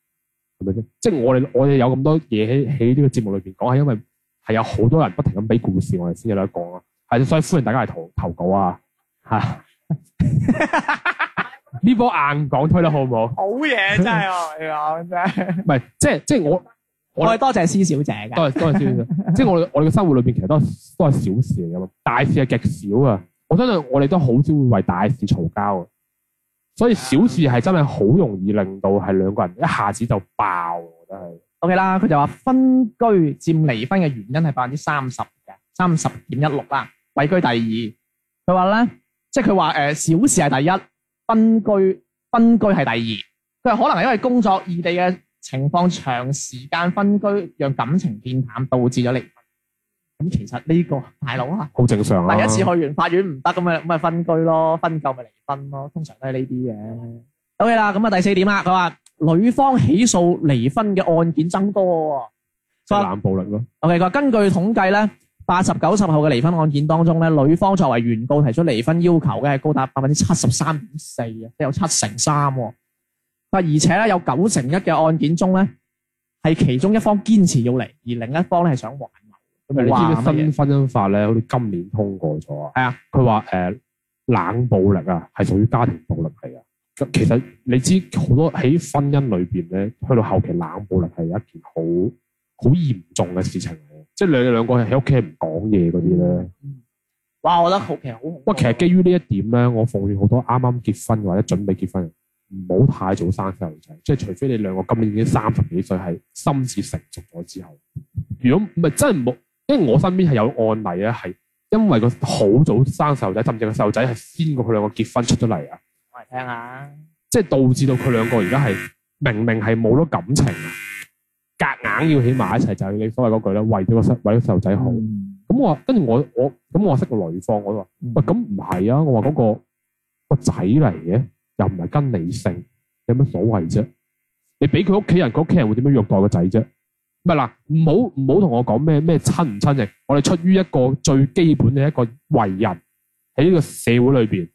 係咪先？即係我哋我哋有咁多嘢喺喺呢個節目裏邊講，係因為係有好多人不停咁俾故事我，我哋先有得講啊！係所以歡迎大家嚟投投稿啊！嚇，呢波硬講推得好唔好？好嘢真係，你講係唔係？即係即係我我哋多謝施小姐嘅。多謝施小姐小。 即係我我哋嘅生活裏邊其實都係都係小事嚟嘅嘛，大事係極少啊。我相信我哋都好少會為大事嘈交嘅，所以小事係真係好容易令到係兩個人一下子就爆。我覺得係 OK 啦。佢就話分居佔離婚嘅原因係百分之三十嘅，三十點一六啦，位居第二。佢話咧，即係佢話誒，小事係第一，分居分居係第二。佢話可能係因為工作異地嘅情況，長時間分居讓感情變淡，導致咗你。咁其實呢、呢個大佬啊，好正常啊。第一次去完法院唔得，咁咪咁咪分居咯，分夠咪離婚咯。通常都係呢啲嘅。O K 啦，咁、嗯、啊第四點啦，佢話女方起訴離婚嘅案件增多，冷暴力咯。O K，佢話根據統計咧，八十九十後嘅離婚案件當中咧，女方作為原告提出離婚要求嘅係高達百分之七十三點四啊，即有七成三。嗱，而且咧有九成一嘅案件中咧，係其中一方堅持要離，而另一方咧係想還。咁啊！你知唔知新婚姻法咧，好似今年通過咗啊。係啊的，佢話誒冷暴力啊，係屬於家庭暴力嚟噶。其實你知好多喺婚姻裏邊咧，去到後期冷暴力係一件好好嚴重嘅事情嚟嘅，即係你哋兩個喺屋企唔講嘢嗰啲咧。哇！我覺得好平好恐怖。喂，其實基於呢一點咧，我奉勸好多啱啱結婚或者準備結婚人唔好太早生細路仔，即係除非你兩個今年已經三十幾歲，係心智成熟咗之後。如果唔係真冇。因為我身邊係有案例啊，係因為個好早生細路仔，甚至個細路仔係先過佢兩個結婚出咗嚟啊。我嚟聽下，即係導致到佢兩個而家係明明係冇咗感情，夾硬要起埋一齊，就係你所謂嗰句咧，為咗個為咗細路仔好。咁、嗯嗯嗯、我跟住我我咁我，我識個女方，我都話喂咁唔係啊，我話嗰、個、個仔嚟嘅，又唔係跟你姓，有乜所謂啫？你俾佢屋企人，屋企人，佢屋企人，屋企人會點樣虐待個仔啫？咪嗱，唔好唔好同我講咩咩親唔親嘅，我哋出於一個最基本嘅一個為人喺呢個社會裏邊，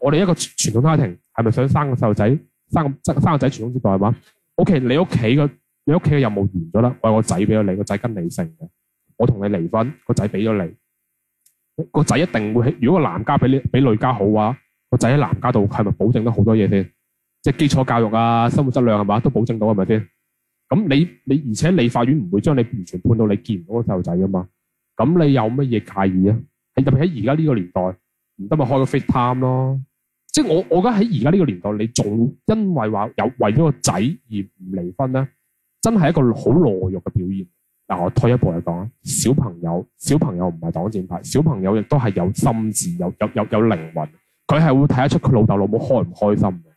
我哋一個傳統家庭係咪想生個細路仔，生個生個仔傳宗接代係嘛？O.K. 你屋企嘅你屋企嘅任務完咗啦，我有個仔俾咗你，個仔跟你姓嘅，我同你離婚，個仔俾咗你，個仔一定會，如果個男家比你比女家好嘅話，個仔喺男家度係咪保證得好多嘢先？即係基礎教育啊，生活質量係嘛都保證到係咪先？咁你你而且你法院唔會將你完全判到你見唔到個細路仔噶嘛？咁你有乜嘢介意啊？你特別喺而家呢個年代，唔得咪開個 fit time 咯。即係我我覺得喺而家呢個年代，你仲因為話有為咗個仔而唔離婚咧，真係一個好懦弱嘅表現。嗱、呃，我退一步嚟講啊，小朋友，小朋友唔係擋箭牌，小朋友亦都係有心智、有有有有靈魂，佢係會睇得出佢老豆老母開唔開心嘅。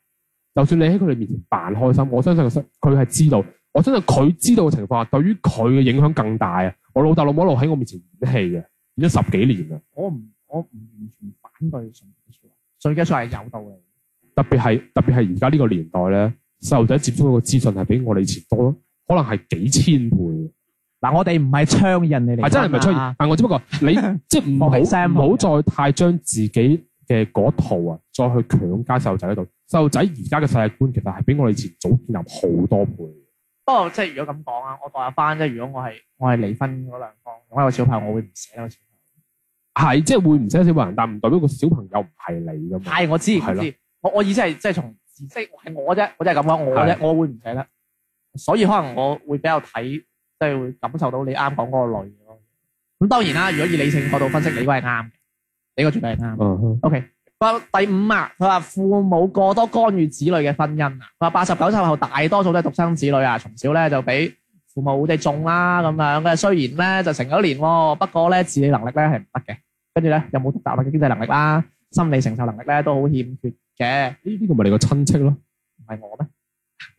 就算你喺佢哋面前扮開心，我相信佢佢係知道。我真係佢知道嘅情況下，對於佢嘅影響更大啊！我老豆老母一路喺我面前演戲嘅，演咗十幾年啦。我唔我唔完全反對，最緊要係有道理。特別係特別係而家呢個年代咧，細路仔接觸到嘅資訊係比我哋以前多咯，可能係幾千倍。嗱、嗯，我哋唔係槍人嚟，係真係唔係槍人，啊、但我只不過 你即係唔好唔好再太將自己嘅嗰套啊，再去強加細路仔嗰度。細路仔而家嘅世界觀其實係比我哋以前早建立好多倍。不過即係如果咁講啊，我代下班，即係，如果我係我係離婚嗰兩方，我有小朋友，我會唔捨得個小朋友，係即係會唔捨得小朋友，但唔代表個小朋友唔係你噶嘛。係我知，我知。的我我意思係即係從知識係我啫，我即係咁講，我咧的我會唔捨得。所以可能我會比較睇，即係會感受到你啱講嗰個類咯。咁當然啦，如果以理性角度分析，你嗰係啱，你嗰絕對係啱。嗯嗯哼。O K。第五啊，佢話父母過多干預子女嘅婚姻啊。話八十九歲後，大多數都係獨生子女啊，從小咧就俾父母哋縱啦咁樣嘅。雖然咧就成咗年，不過咧自理能力咧係唔得嘅。跟住咧又冇獨立嘅經濟能力啦，心理承受能力咧都好欠缺嘅。呢啲咪你個親戚咯？唔係我咩？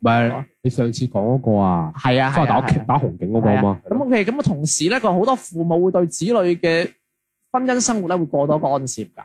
唔係你上次講嗰個啊？係啊，翻去打打紅警嗰個啊嘛。咁 OK，咁同時咧，佢好多父母會對子女嘅婚姻生活咧會過多干涉噶。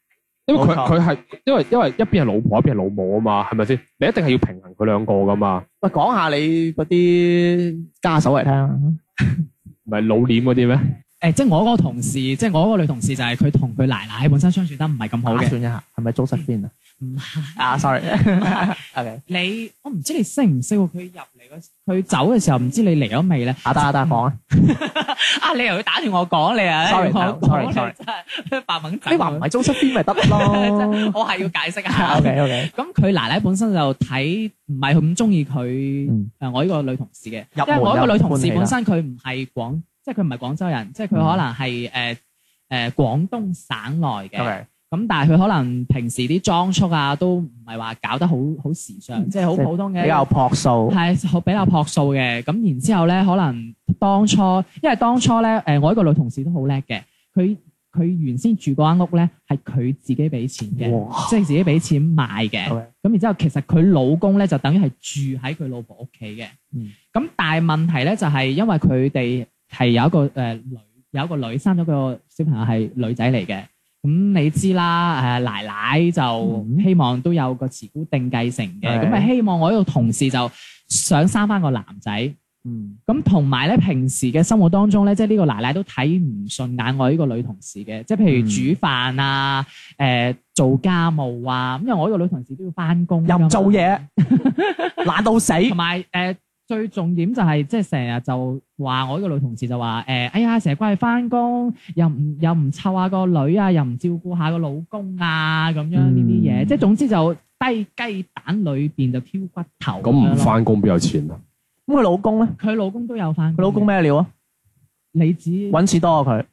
因為佢，佢係因為因為一邊係老婆，一邊係老母啊嘛，係咪先？你一定係要平衡佢兩個噶嘛。喂，講下你嗰啲家手嚟聽。唔 係老臉嗰啲咩？誒，即係我嗰個同事，即係我嗰個女同事就係佢同佢奶奶本身相處得唔係咁好嘅。算一下，係咪租出邊啊？唔係啊，sorry。O K。你我唔知你識唔識佢入嚟佢走嘅時候唔知你嚟咗未咧？啊，戴阿戴講啊！啊，你又要打斷我講你啊？sorry sorry sorry sorry，白蚊仔，你話唔係租出邊咪得咯？我係要解釋啊。ok ok，咁佢奶奶本身就睇唔係咁中意佢誒，我呢個女同事嘅，因為我呢個女同事本身佢唔係廣，即係佢唔係廣州人，即係佢可能係誒誒廣東省內嘅。咁但係佢可能平時啲裝束啊，都唔係話搞得好好時尚，即係好普通嘅，比較樸素。係比較樸素嘅。咁然之後咧，可能當初，因為當初咧，誒，我一個女同事都好叻嘅。佢佢原先住嗰間屋咧，係佢自己俾錢嘅，即係哇自己俾錢買嘅。咁的然之後，其實佢老公咧，就等於係住喺佢老婆屋企嘅。咁但係問題咧，就係因為佢哋係有一個誒、呃、女，有一個女生咗個小朋友係女仔嚟嘅。咁、嗯、你知啦，誒奶奶就希望都有個持股定繼承嘅，咁啊，的希望我呢個同事就想生翻個男仔。嗯，咁同埋咧，平時嘅生活當中咧，即係呢個奶奶都睇唔順眼我呢個女同事嘅，即係譬如煮飯啊，誒、呃、做家務啊，咁因為我呢個女同事都要翻工又唔做嘢， 懶到死，同埋誒。呃最重點就係即係成日就話我呢個女同事就話誒，哎呀，成日掛住翻工，又唔又唔湊下個女啊，又唔照顧下個老公啊，咁樣呢啲嘢，即係總之就低雞蛋裏邊就挑骨頭。咁唔翻工邊有錢啊？咁佢老公咧？佢老公都有翻工。佢老公咩料啊？你指揾錢多啊佢？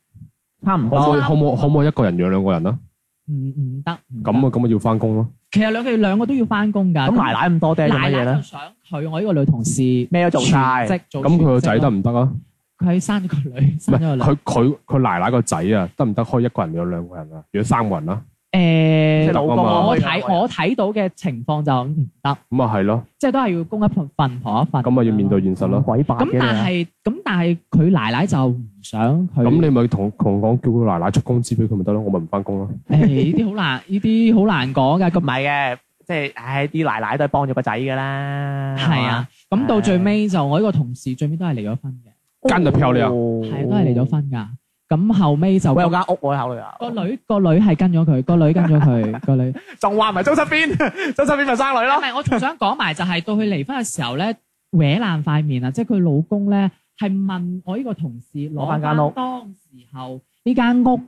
差唔多。可唔可可唔可以一個人養兩個人啊？唔唔得。咁啊咁啊要翻工咯。其實兩佢哋兩個都要翻工噶。咁奶奶咁多爹做咩咧？婆婆想佢，我呢個女同事咩都做晒。咁佢個仔得唔得啊？佢生咗個女。唔係，佢佢佢奶奶個仔啊，得唔得開一個人有兩個，個，個人啊？如果三個人啦，啊。嗯。誒，老公，我睇我睇到嘅情況就唔得。咁啊係咯，即係都係要公一份，婆一份。咁啊要面對現實咯。鬼白嘅。咁但係，咁但係佢奶奶就唔想去。咁你咪同同講叫佢奶奶出工資俾佢咪得咯，我咪唔翻工咯。誒，呢啲好難，呢啲好難講噶。咁唔係嘅，即係，唉，啲奶奶都係幫住個仔噶啦。係啊，咁到最尾就我呢個同事最尾都係離咗婚嘅。幹得漂亮。係啊，都係離咗婚噶。咁後尾就有間屋，我考慮下個女個女個女係跟咗佢，個女跟咗佢個女，仲話唔係周七邊？周七邊咪生女咯？唔係，我仲想講埋就係到佢離婚嘅時候咧，搲爛塊面啊！即係佢老公咧係問我呢個同事攞翻間屋當時候呢間屋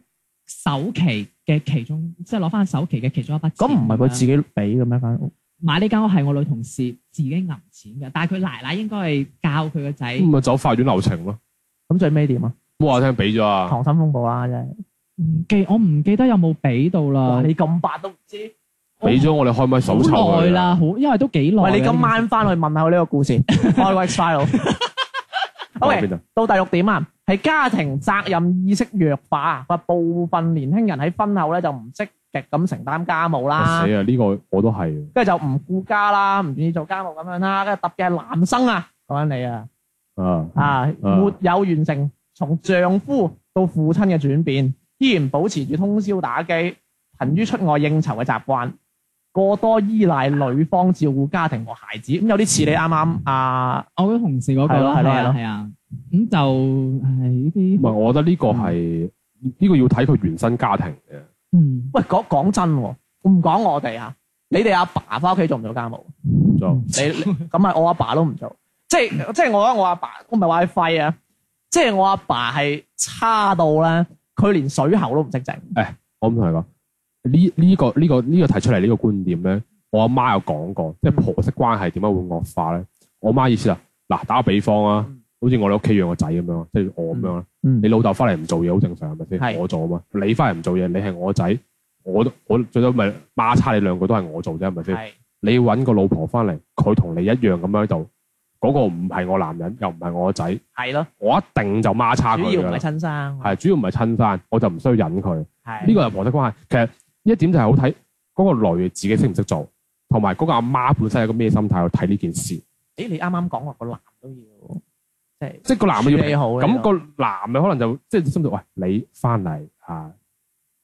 首期嘅其中，即係攞翻首期嘅其中一筆錢。咁唔係佢自己俾嘅咩？翻屋買呢間屋係我女同事自己揞錢嘅，但係佢奶奶應該係教佢個仔咁咪走法院流程咯？咁就咩點啊？我話聽俾咗啊，溏心風暴啊，真係唔記，我唔記得有冇俾到啦。你咁白都唔知，俾咗我哋開咪手臭佢啦。好耐啦，好，因為都幾耐。唔係你今晚翻去問下呢個故事。Always file。OK，到第六點啊，係家庭責任意識弱化，部分年輕人喺婚後咧就唔積極咁承擔家務啦。死啊！呢個我都係。跟住就唔顧家啦，唔願意做家務咁樣啦。跟住特別係男生啊，講緊你啊，啊啊，沒有完成。從丈夫到父親嘅轉變，依然保持住通宵打機、勤於出外應酬嘅習慣，過多依賴女方照顧家庭和孩子，咁有啲似你啱啱阿我啲同事嗰個係咯係咯係啊，咁就係呢啲。唔係，我覺得呢個係呢個要睇佢原生家庭嘅。嗯，喂，講講真，我唔講我哋啊，你哋阿爸翻屋企做唔做家務？做，你咁咪我阿爸都唔做，即係即係我覺得，我阿爸我唔係話佢廢啊。即係我阿爸係差到咧，佢連水喉都唔識整。誒，我唔同你講，呢呢、呢個呢、呢個呢、呢個提出嚟呢個觀點咧，我阿媽有講過，嗯、即係婆媳關係點解會惡化咧？我媽意思啊，嗱，打個比方啊，好似我哋屋企養個仔咁樣，即係我咁樣啦。嗯、你老豆翻嚟唔做嘢好正常係咪先？是是是 我做啊嘛，你翻嚟唔做嘢，你係我仔，我都我最多咪孖差你兩個都係我做啫係咪先？是是是 你揾個老婆翻嚟，佢同你一樣咁樣喺度。就嗰個唔係我男人，又唔係我仔，係咯，我一定就孖叉佢啦。主要唔係親生，係主要唔係親生，我就唔需要忍佢。呢個係婆媳關係。其實呢一點就係好睇嗰個女自己識唔識做，同埋嗰個阿媽本身有一個咩心態去睇呢件事。誒，你啱啱講話個男都要，即係即係個男嘅要，咁個男嘅可能就即係心度，喂，你翻嚟吓。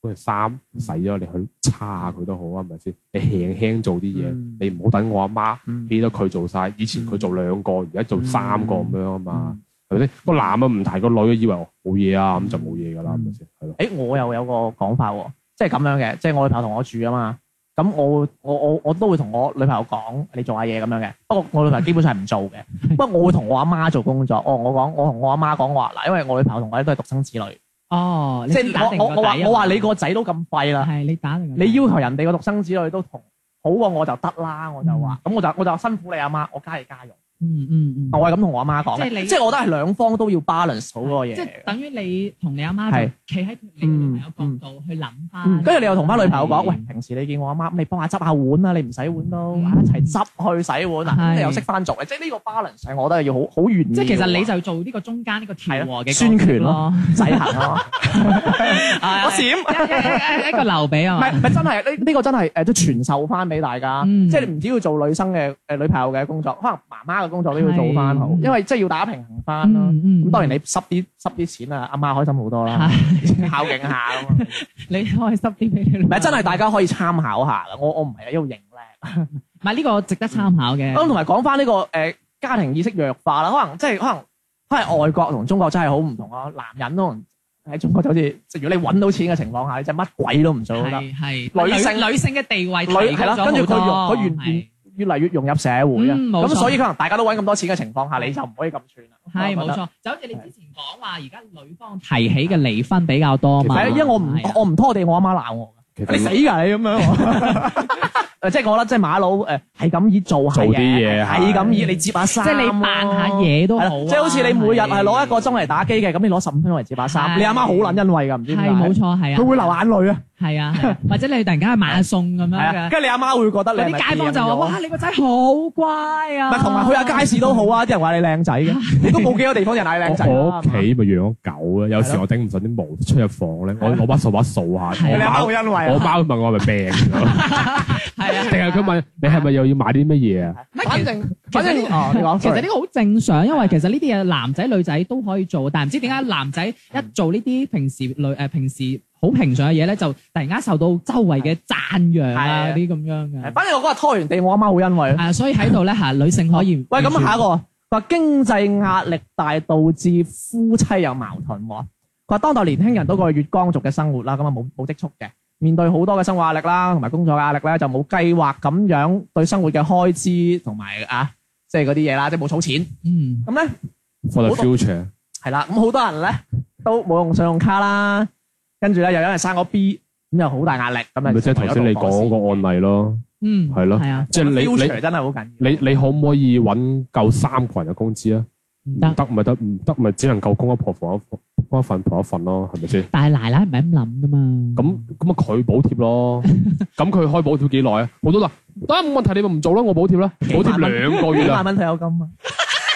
嗰件衫洗咗、嗯，你去叉下佢都好啊，係咪先？你輕輕、嗯、做啲嘢，你唔好等我阿媽，俾咗佢做晒。以前佢做兩個，而家做三個咁樣啊嘛，係咪先？個男啊唔提，個女啊以為冇嘢啊，咁、嗯、就冇嘢噶啦，係咪先？係咯吧。誒，我又有個講法，即係咁樣嘅，即係我女朋友同我住啊嘛。咁我我我，我都會同我女朋友講，你做下嘢咁樣嘅。不過我女朋友基本上係唔做嘅。 不過我會同我阿媽做工作，我同我講，我同我阿媽講話嗱，因為我女朋友同我咧都係獨生子女。哦，oh, 即係是我我我話我話你個仔都咁廢啦，係你打你要求人哋個獨生子女都同好過我就得啦，我就話咁我就、嗯、我就我就辛苦你阿媽，我加你家用。嗯嗯我係咁同我阿媽講，即係我覺得係兩方都要 balance 好嗰個嘢。即係等於你同你阿媽，係企喺女朋友角度去諗翻，跟住你又同翻女朋友講，喂，平時你見我阿媽，你幫下執下碗啦，你唔使碗都一齊執去洗碗，你又識翻做，即係呢個 balance 我覺得都要好好完。即係其實你就做呢個中間呢個調和嘅孫權咯，使行咯，我閃一個劉備啊，唔係唔係真係呢呢個真係誒都傳授翻俾大家，即係你唔止要做女生嘅誒女朋友嘅工作，可能媽媽。工作都要做翻好，的因為即係要打平衡翻咯。咁、嗯嗯、當然你濕啲濕啲錢啊，阿媽開心好多啦，孝敬 下咁啊。 你開心啲咩？唔係真係大家可以參考下噶。我我唔係喺度贏靚，唔係呢個值得參考嘅。咁同埋講翻呢個誒、呃、家庭意識弱化啦，可能即係、就是、可能，可能外國同中國真係好唔同咯。男人可能喺中國就好似，即如果你搵到錢嘅情況下，你即係乜鬼都唔做得。係的女性女，女性嘅地位提高咗好多。係啦，跟住佢佢越唔。越嚟越融入社會啊！咁所以可能大家都揾咁多錢嘅情況下，你就唔可以咁串啦。係冇錯，就好似你之前講話，而家女方提起嘅離婚比較多啊嘛。係，因為我唔我唔拖地，我阿媽鬧我。你死㗎你咁樣！即係我覺得，即係馬佬誒係咁意做下嘢，係咁意你折把衫。即係你扮下嘢都好。即係好似你每日係攞一個鐘嚟打機嘅，咁你攞十五分鐘嚟折把衫。你阿媽好撚欣慰㗎，唔知點解。係冇錯，係啊。佢會流眼淚啊！係啊，或者你突然間去買下餸咁樣嘅，跟住你阿媽會覺得你啲街坊就話：哇，你個仔好乖啊！唔同埋去下街市都好啊！啲人話你靚仔嘅，你都冇幾個地方人嗌靚仔。我屋企咪養狗啊，有時我頂唔順啲毛出入房咧，我攞把掃把掃下。你阿媽會欣慰啊！我媽問我係咪病咗？係啊！定係佢問你係咪又要買啲乜嘢啊？乜？反正反正哦，其實呢個好正常，因為其實呢啲嘢男仔女仔都可以做，但係唔知點解男仔一做呢啲平時女誒平時好平常嘅嘢咧，就突然間受到周圍嘅讚揚，係啊，啲咁樣嘅。反正我嗰日拖完地，我阿媽好欣慰。啊，所以喺度咧嚇， 女性可以喂咁下，一個佢話經濟壓力大導致夫妻有矛盾喎。佢話當代年輕人都過月光族嘅生活啦，咁啊，冇冇積蓄嘅，面對好多嘅生活壓力啦，同埋工作嘅壓力咧，就冇計劃咁樣對生活嘅開支同埋啊。即係嗰啲嘢啦，即係冇儲錢，咁咧，future 係啦，咁好多人咧都冇用信用卡啦，跟住咧又因為生個 B，咁又好大壓力，咁啊，即係頭先你講個案例咯，係咯，即係 future 真係好緊要，你你可唔可以搵夠三群嘅工資啊？唔得，唔係得，唔得，咪只能夠供一破房一房，供一份同一份咯，係咪先？但係奶奶唔係咁諗噶嘛？咁咁啊，佢補貼咯，咁佢開補貼幾耐啊？好多都得，冇問題，你咪唔做啦，我補貼啦，補貼兩個月啊，萬蚊退休金啊，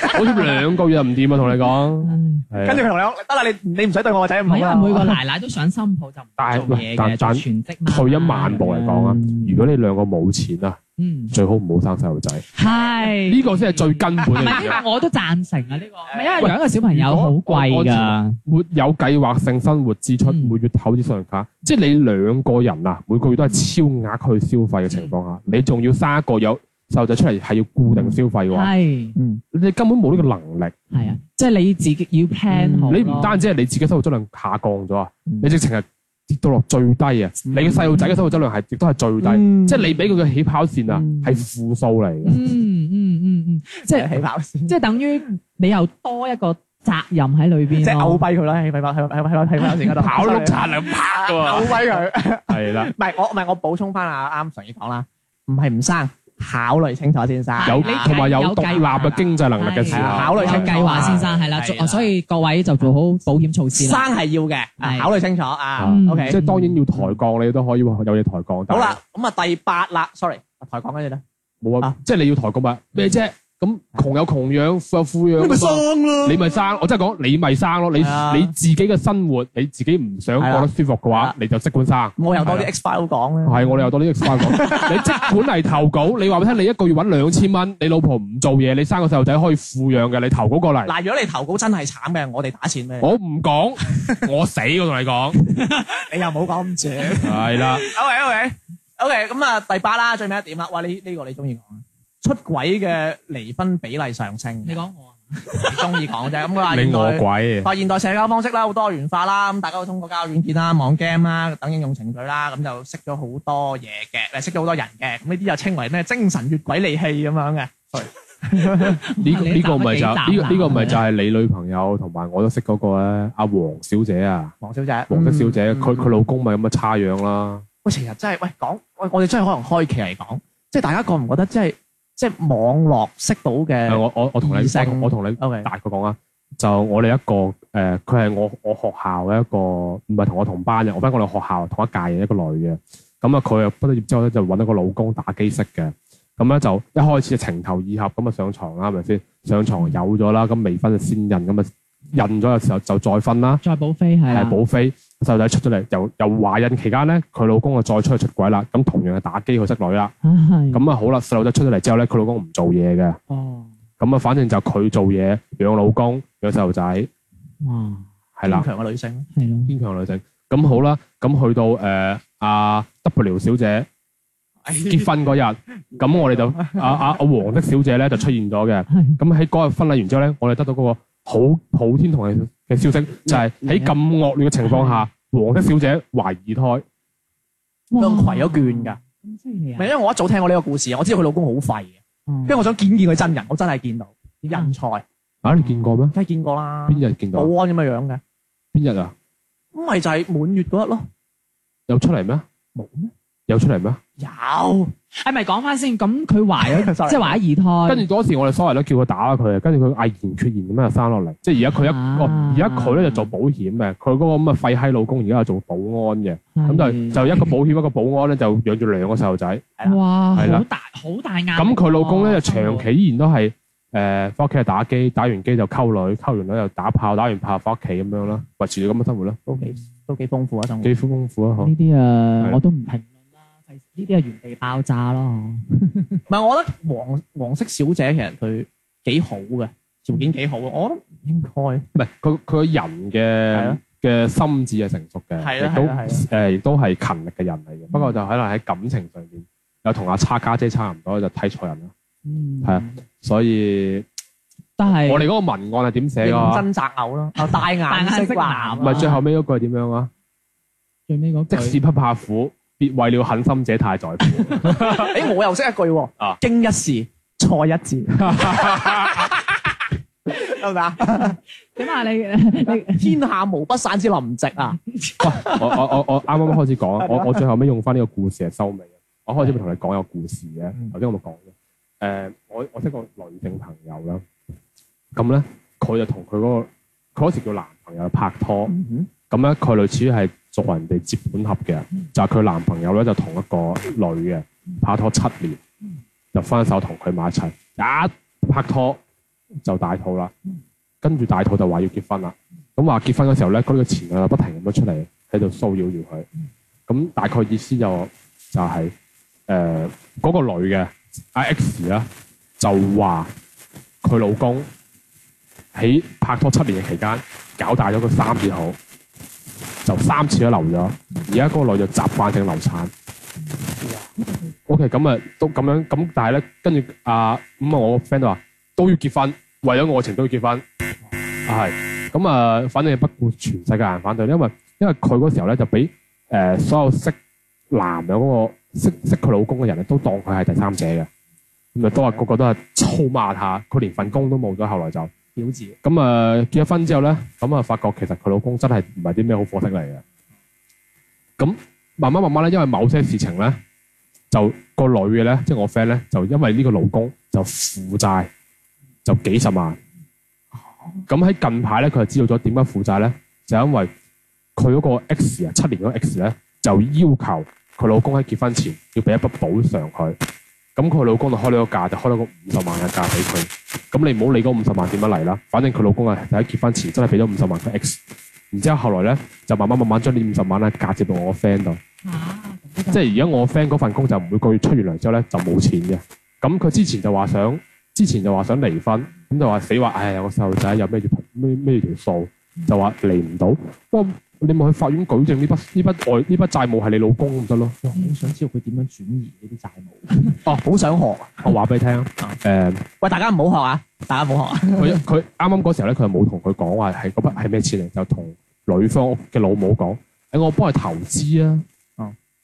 補貼兩個月唔掂啊，同你講，跟住佢同你講，得啦，你你唔使對我個仔唔好啊，每個奶奶都想心抱就唔做嘢嘅全職，退一萬步嚟講啊，如果你兩個冇錢啊。嗯，最好唔好生細路仔，係呢是個先係最根本嘅。我都贊成啊，呢、這個，因為養一個小朋友好貴噶。沒有計劃性生活支出，嗯、每月透支信用卡，即係你兩個人啊，每個月都係超額去消費嘅情況下，嗯、你仲要生一個有細路仔出嚟，係要固定消費嘅係，嗯嗯、你根本冇呢個能力。係啊，即係你自己要 plan 好、嗯。你唔單止係你自己生活質量下降咗啊，嗯、你直情係。跌到落最低啊！你嘅細路仔嘅生活質量係亦都係最低，最低，嗯、即係你俾佢嘅起跑線啊，係、嗯、負數嚟嘅、嗯。嗯嗯嗯嗯，即、嗯、係、就是、起跑線，即、就、係、是、等於你又多一個責任喺裏邊。即係牛逼佢啦，起跑起起跑線跑碌擦兩跑，牛逼佢。係啦跑，唔係是、啊、我唔係我，我補充返啊，啱上依講啦，唔係唔生。考慮清楚，先生有同埋有獨立嘅經濟能力嘅時候，考慮清楚。有計劃，先生係啦，所以各位就做好保險措施啦。生係要嘅，考慮清楚啊。O K，即係當然要抬槓，你都可以有嘢抬槓。好啦，咁啊第八啦，sorry，抬槓跟住咧，冇啊，即係你要抬槓啊，咩啫？咁窮有窮樣，富有富樣，你咪生咯，你咪生，我真係講你咪生咯，你你自己嘅生活，你自己唔想過得舒服嘅話，你就即管生。我又多啲 X file 講咧，係我哋又多啲 X file 講，你即管嚟投稿，你話俾聽，你一個月搵兩千蚊，你老婆唔做嘢，你生個細路仔可以富養嘅，你投稿過嚟。嗱，如果你投稿真係慘嘅，我哋打錢咩？我唔講，我死我同你講，你又冇咁賤。係啦，OK OK OK，咁啊第八啦，最尾一點啦，哇呢呢個你中意講？出軌嘅離婚比例上升，你講我啊，中意講嘅啫。咁佢現代，現代社交方式啦，好多元化啦，咁大家都通過交友軟件啦、網 game 啦等應用程序啦，咁就識咗好多嘢嘅，誒，識咗好多人嘅。咁呢啲就稱為咩？精神越軌離棄咁樣嘅。呢呢個咪就呢個呢個咪就係你女朋友同埋我都識嗰個咧，阿黃小姐啊，黃小姐，黃小姐，佢佢老公咪咁嘅差樣啦。喂，成日真係喂講，我我哋真係可能開期嚟講，即係大家覺唔覺得，即係。即係網絡識到嘅、嗯，我我我同你，我同你大概講啊，Okay. 就我哋一個誒，佢、呃、係我我學校嘅一個，唔係同我同班嘅，我返我哋學校同一屆嘅一個女嘅，咁啊佢啊畢咗業之後咧就搵到個老公打機識嘅，咁咧就一開始就情投意合，咁啊上床啦係咪先？上床有咗啦，咁未婚就先孕咁啊。印咗嘅時候就再瞓啦，再補飛係啦，係補飛細路仔出咗嚟，由由懷孕期間咧，佢老公啊再出去出軌啦，咁同樣係打機去識女啦，咁啊好啦，細路仔出咗嚟之後咧，佢老公唔做嘢嘅，哦，咁啊反正就佢做嘢，養老公，養細路仔，哇，係啦，堅強嘅女性，係咯，堅強嘅女性，咁好啦，咁去到誒阿 W 小姐結婚嗰日，咁我哋就阿阿阿黃的小姐咧就出現咗嘅，咁喺嗰日婚禮完之後咧，我哋得到嗰個。好普天同慶嘅消息，就係喺咁惡劣嘅情況下，黃色的小姐懷二胎，都攰咗倦噶，唔係因為我一早聽過呢個故事啊，我知道佢老公好廢嘅，因為、嗯、我想見一見佢真人，我真係見到人才啊！你見過咩？梗係見過啦，邊日見到保安咁樣樣嘅？邊日啊？咁咪就係滿月嗰日咯，又出嚟咩？冇咩？有出嚟咩？有，誒，咪講翻先，咁佢懷咗，即係懷咗二胎。跟住嗰時我哋所 o 都叫佢打下佢，跟住佢毅然決然咁就生落嚟。即係而家佢一個，而家佢咧就做保險嘅，佢嗰個咁嘅廢閪老公而家係做保安嘅，咁就就一個保險一個保安咧就養住兩個細路仔。哇，係啦，好大好大壓力。咁佢老公咧就長期依然都係誒，翻屋企係打機，打完機就溝女，溝完女又打炮，打完炮翻屋企咁樣啦，維持咗咁嘅生活啦，都幾都幾豐富啊生活。幾豐富啊！呢啲誒，我都唔平。呢啲係原地爆炸咯，唔係，我覺得黃黃色小姐其實佢幾好嘅，條件幾好啊，我覺得應該唔係佢佢個人嘅嘅心智係成熟嘅，亦都誒亦都係勤力嘅人嚟嘅，不過就可能喺感情上邊又同阿差家姐差唔多，就睇錯人啦，係啊，所以但係我哋嗰個文案係點寫噶？認真擇偶咯，帶眼識男，唔係最後尾一句係點樣啊？最尾嗰即使不怕苦。別為了狠心者太在乎。誒、 欸，我又識一句，經一事，錯一字，明唔明？點 啊，你你天下無不散之林值啊！喂、 啊，我我我我啱啱開始講，我我最後尾用翻呢個故事嚟收尾。我開始咪同你講有故事嘅，頭先我咪講嘅。誒、呃，我我識個女性朋友啦，咁咧佢就同佢嗰個嗰時叫男朋友拍拖，咁咧佢類似於係。做人哋接盤俠嘅，就係、是、佢男朋友咧，就同一個女嘅拍拖七年，就分手同佢埋一齊，一、啊、拍拖就大肚啦，跟住大肚就話要結婚啦。咁話結婚嘅時候咧，佢個前女，不停咁樣出嚟喺度騷擾住佢。咁大概意思就就係誒嗰個女嘅 EX 啦，就話佢老公喺拍拖七年嘅期間搞大咗佢三次好。就三次都流咗，而家嗰個女就習慣性流產。OK，咁啊都咁樣，咁但係咧，跟住啊，咁、嗯、啊，我個 friend 都話都要結婚，為咗愛情都要結婚。係、啊，咁啊、嗯，反正係不顧全世界人反對，因為因為佢嗰時候咧就俾誒、呃、所有識男嘅嗰、那個識識佢老公嘅人都當佢係第三者嘅，咁啊都話個個都係臭罵下，佢連份工都冇咗，後來就。標誌咁啊，結咗婚之後咧，咁啊，發覺其實佢老公真係唔係啲咩好貨色嚟嘅。咁慢慢慢慢咧，因為某些事情咧，就個女嘅咧，即係我 friend 咧，就因為呢個老公就負債，就幾十萬。咁喺近排咧，佢就知道咗點解負債咧，就因為佢嗰個 X 啊，七年嗰個 X 咧，就要求佢老公喺結婚前要俾一筆補償佢。咁佢老公就開咗個價，就開咗個五十萬嘅價俾佢。咁你唔好理嗰五十萬點樣嚟啦，反正佢老公啊喺結婚前真係俾咗五十萬嘅 x。然之後後來咧就慢慢慢慢將呢五十萬咧嫁接到我 friend 度，啊嗯嗯、即係而家我 friend 嗰份工就每個月出完糧之後咧就冇錢嘅。咁佢之前就話想之前就話想離婚，咁、嗯、就話死話唉，我個細路仔有咩住孭條數，嗯、就話離唔到。嗯你咪去法院舉證呢筆呢筆外呢筆債務係你老公唔得咯？我好想知道佢點樣轉移呢啲債務。哦，好想學啊！我話俾你聽，誒，喂，大家唔好學啊！大家唔好學啊！佢佢啱啱嗰時候咧，佢就冇同佢講話係嗰筆係咩錢嚟，就同女方嘅老母講，誒，我幫佢投資啊！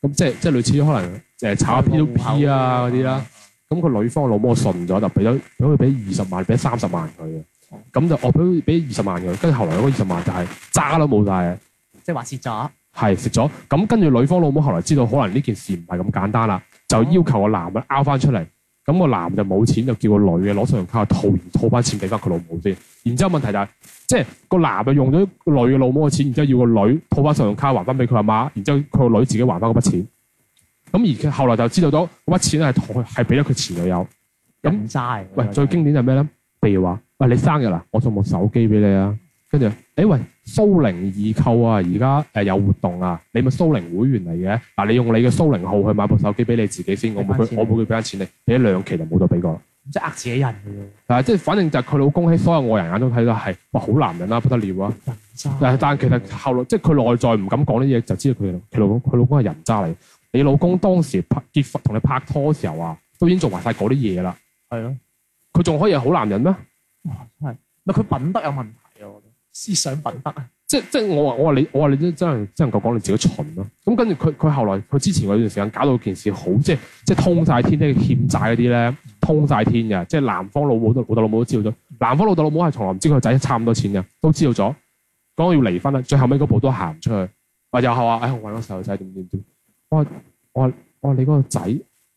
咁即係即係類似於可能誒炒 P2P 啊嗰啲啦。咁佢女方嘅老母信咗，就俾咗俾佢俾二十萬，俾三十萬佢嘅。咁就我俾二十萬佢，跟住後嚟嗰二十萬就係渣都冇晒嘅。即係話蝕咗，係蝕咗。咁跟住女方老母後來知道，可能呢件事唔係咁簡單啦，嗯、就要求個男嘅 out 翻出嚟。咁個男就冇錢，就叫個女嘅攞信用卡去套，套翻錢俾翻佢老母先。然之後問題就係、是，即係個男嘅用咗女嘅老母嘅錢，然之後要個女套翻信用卡還翻俾佢阿媽。然之後佢個女自己還翻嗰筆錢。咁而佢後來就知道咗嗰筆錢係係俾咗佢前女友。咁齋喂，最經典就係咩咧？譬如話，喂你生日啦，我送部手機俾你啊。跟住，誒、欸、喂。喂蘇寧易購啊，而家誒有活動啊！你咪蘇寧會員嚟嘅嗱，你用你嘅蘇寧號去買部手機俾你自己先，我冇佢，錢我會佢俾翻錢你，俾一兩期就冇再俾過。即係呃自己人嘅喎、啊。即係反正就係佢老公喺所有外人眼中睇到係，哇，好男人啊，不得了啊！人渣。但係但係其實後來即係佢內在唔敢講啲嘢，就知道佢老佢老佢老公係人渣嚟。你老公當時拍結婚同你拍拖嘅時候啊，都已經做埋晒嗰啲嘢啦。係咯的，佢仲可以係好男人咩？哇， 係咪佢品德有問題？思想品德啊，即即我話我話你，我話你真真係真能夠講你自己蠢咯、啊。咁跟住佢佢後來佢之前嗰段時間搞到件事好即即通晒天，即欠債嗰啲咧通晒天嘅，即男方老母都老豆老母都知道咗。男方老豆老母係從來唔知佢仔差唔多錢嘅，都知道咗，講要離婚啦，最後尾嗰步都行唔出去，又係話誒揾個細路仔點點點，我我我，我你嗰個仔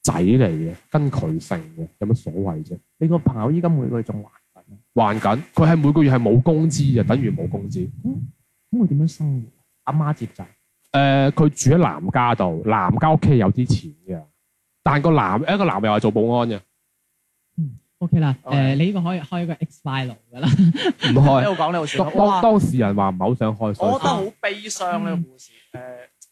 仔嚟嘅，跟佢姓嘅，有乜所謂啫？你個朋友依家每個月仲還緊，佢係每個月係冇工資嘅，等於冇工資。咁佢點樣生活？阿媽接濟。誒、呃，佢住喺男家度，男家屋企有啲錢嘅，但個男一個男又係做保安嘅。嗯，OK 啦。誒 Okay.、呃，你呢個可以開一個 X file 噶啦。唔 開。呢度講，呢度 當當事人話唔係好想開。所我覺得好悲傷呢個故事。誒、嗯，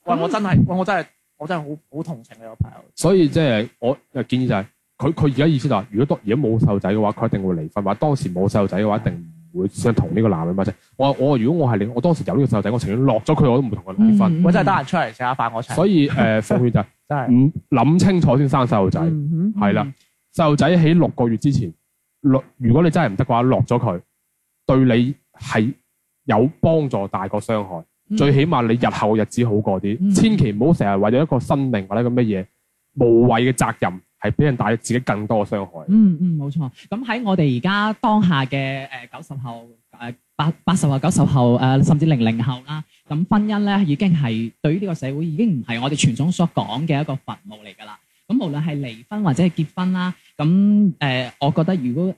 喂、呃，我真係，喂，我真係，我真係好好同情你、這個朋友。所以即係、嗯、我建議就係。佢佢而家意思就係，如果當如果冇細路仔嘅話，佢一定會離婚，話當時冇細路仔嘅話，是的 一定唔會想同呢個男人結。我我如果我係你，我當時有呢個細路仔，我情願落咗佢，我都唔同佢離婚。嗯、我真係得閒出嚟食下飯，我請、嗯。所以誒，奉、呃、勸就係、 真係的諗清楚先生細路仔，係啦、嗯，細路仔喺六個月之前落，如果你真係唔得嘅話，落咗佢，對你係有幫助大過傷害，嗯、最起碼你日後日子好過啲。嗯嗯、千祈唔好成日為咗一個生命或者一個乜嘢無謂嘅責任。係俾人帶自己更多嘅傷害。嗯嗯，冇、嗯、錯。咁喺我哋而家當下嘅誒九十後誒八八十後九十後誒、呃呃、甚至零零後啦，咁婚姻咧已經係對於呢個社會已經唔係我哋傳統所講嘅一個墳墓嚟噶啦。咁無論係離婚或者係結婚啦，咁誒、呃，我覺得如果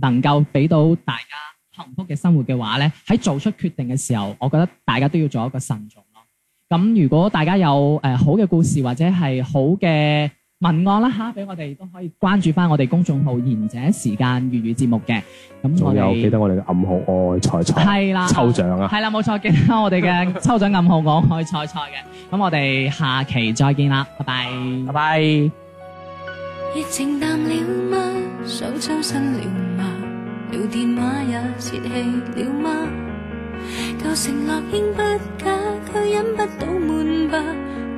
能夠俾到大家幸福嘅生活嘅話咧，喺做出決定嘅時候，我覺得大家都要做一個慎重咯。咁如果大家有誒、呃、好嘅故事或者係好嘅。文案啦吓，俾我哋都可以關注翻我哋公眾號《賢者時間粵語節目》嘅。咁仲有，記得我哋嘅暗號愛彩彩，係啦抽獎啊，係啦冇錯，記得我哋嘅抽獎暗號愛彩彩嘅。咁我哋下期再見啦，拜拜，拜拜。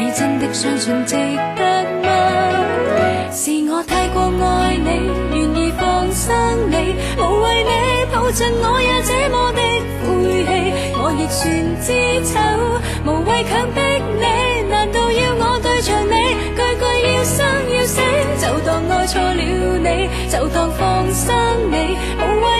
你真的相信值得嗎？是我太過愛你，願意放生你，無謂你抱緊我，我，我也這麼的晦氣。我亦算知醜，無謂強迫你，難道要我對着你句句要生要死，就當愛錯了你，就當放生你，無謂。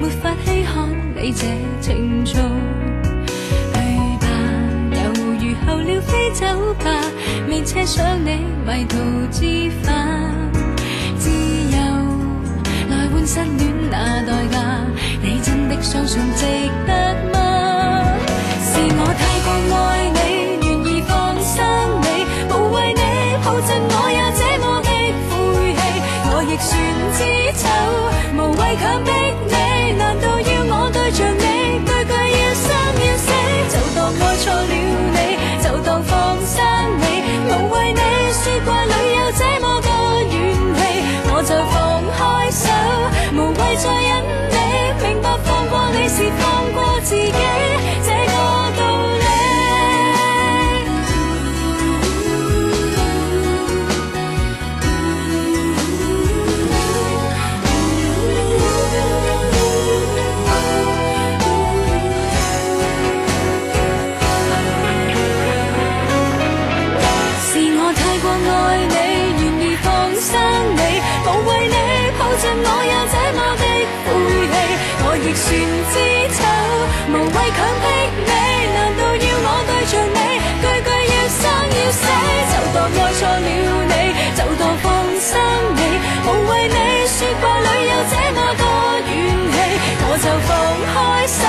沒法稀罕你這情操，去吧，猶如候鳥飛走吧，未奢想你迷途知返，自由來換失戀那代價，你真的相信值得。全知醜，無謂強迫你，難道要我對著你，句句要生要死？就當愛錯了你，就當放生你，無謂你說話裏有這麼多怨氣，我就放開手，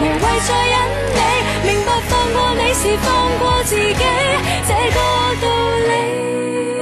無謂再忍你，明白放過你是放過自己，這個道理。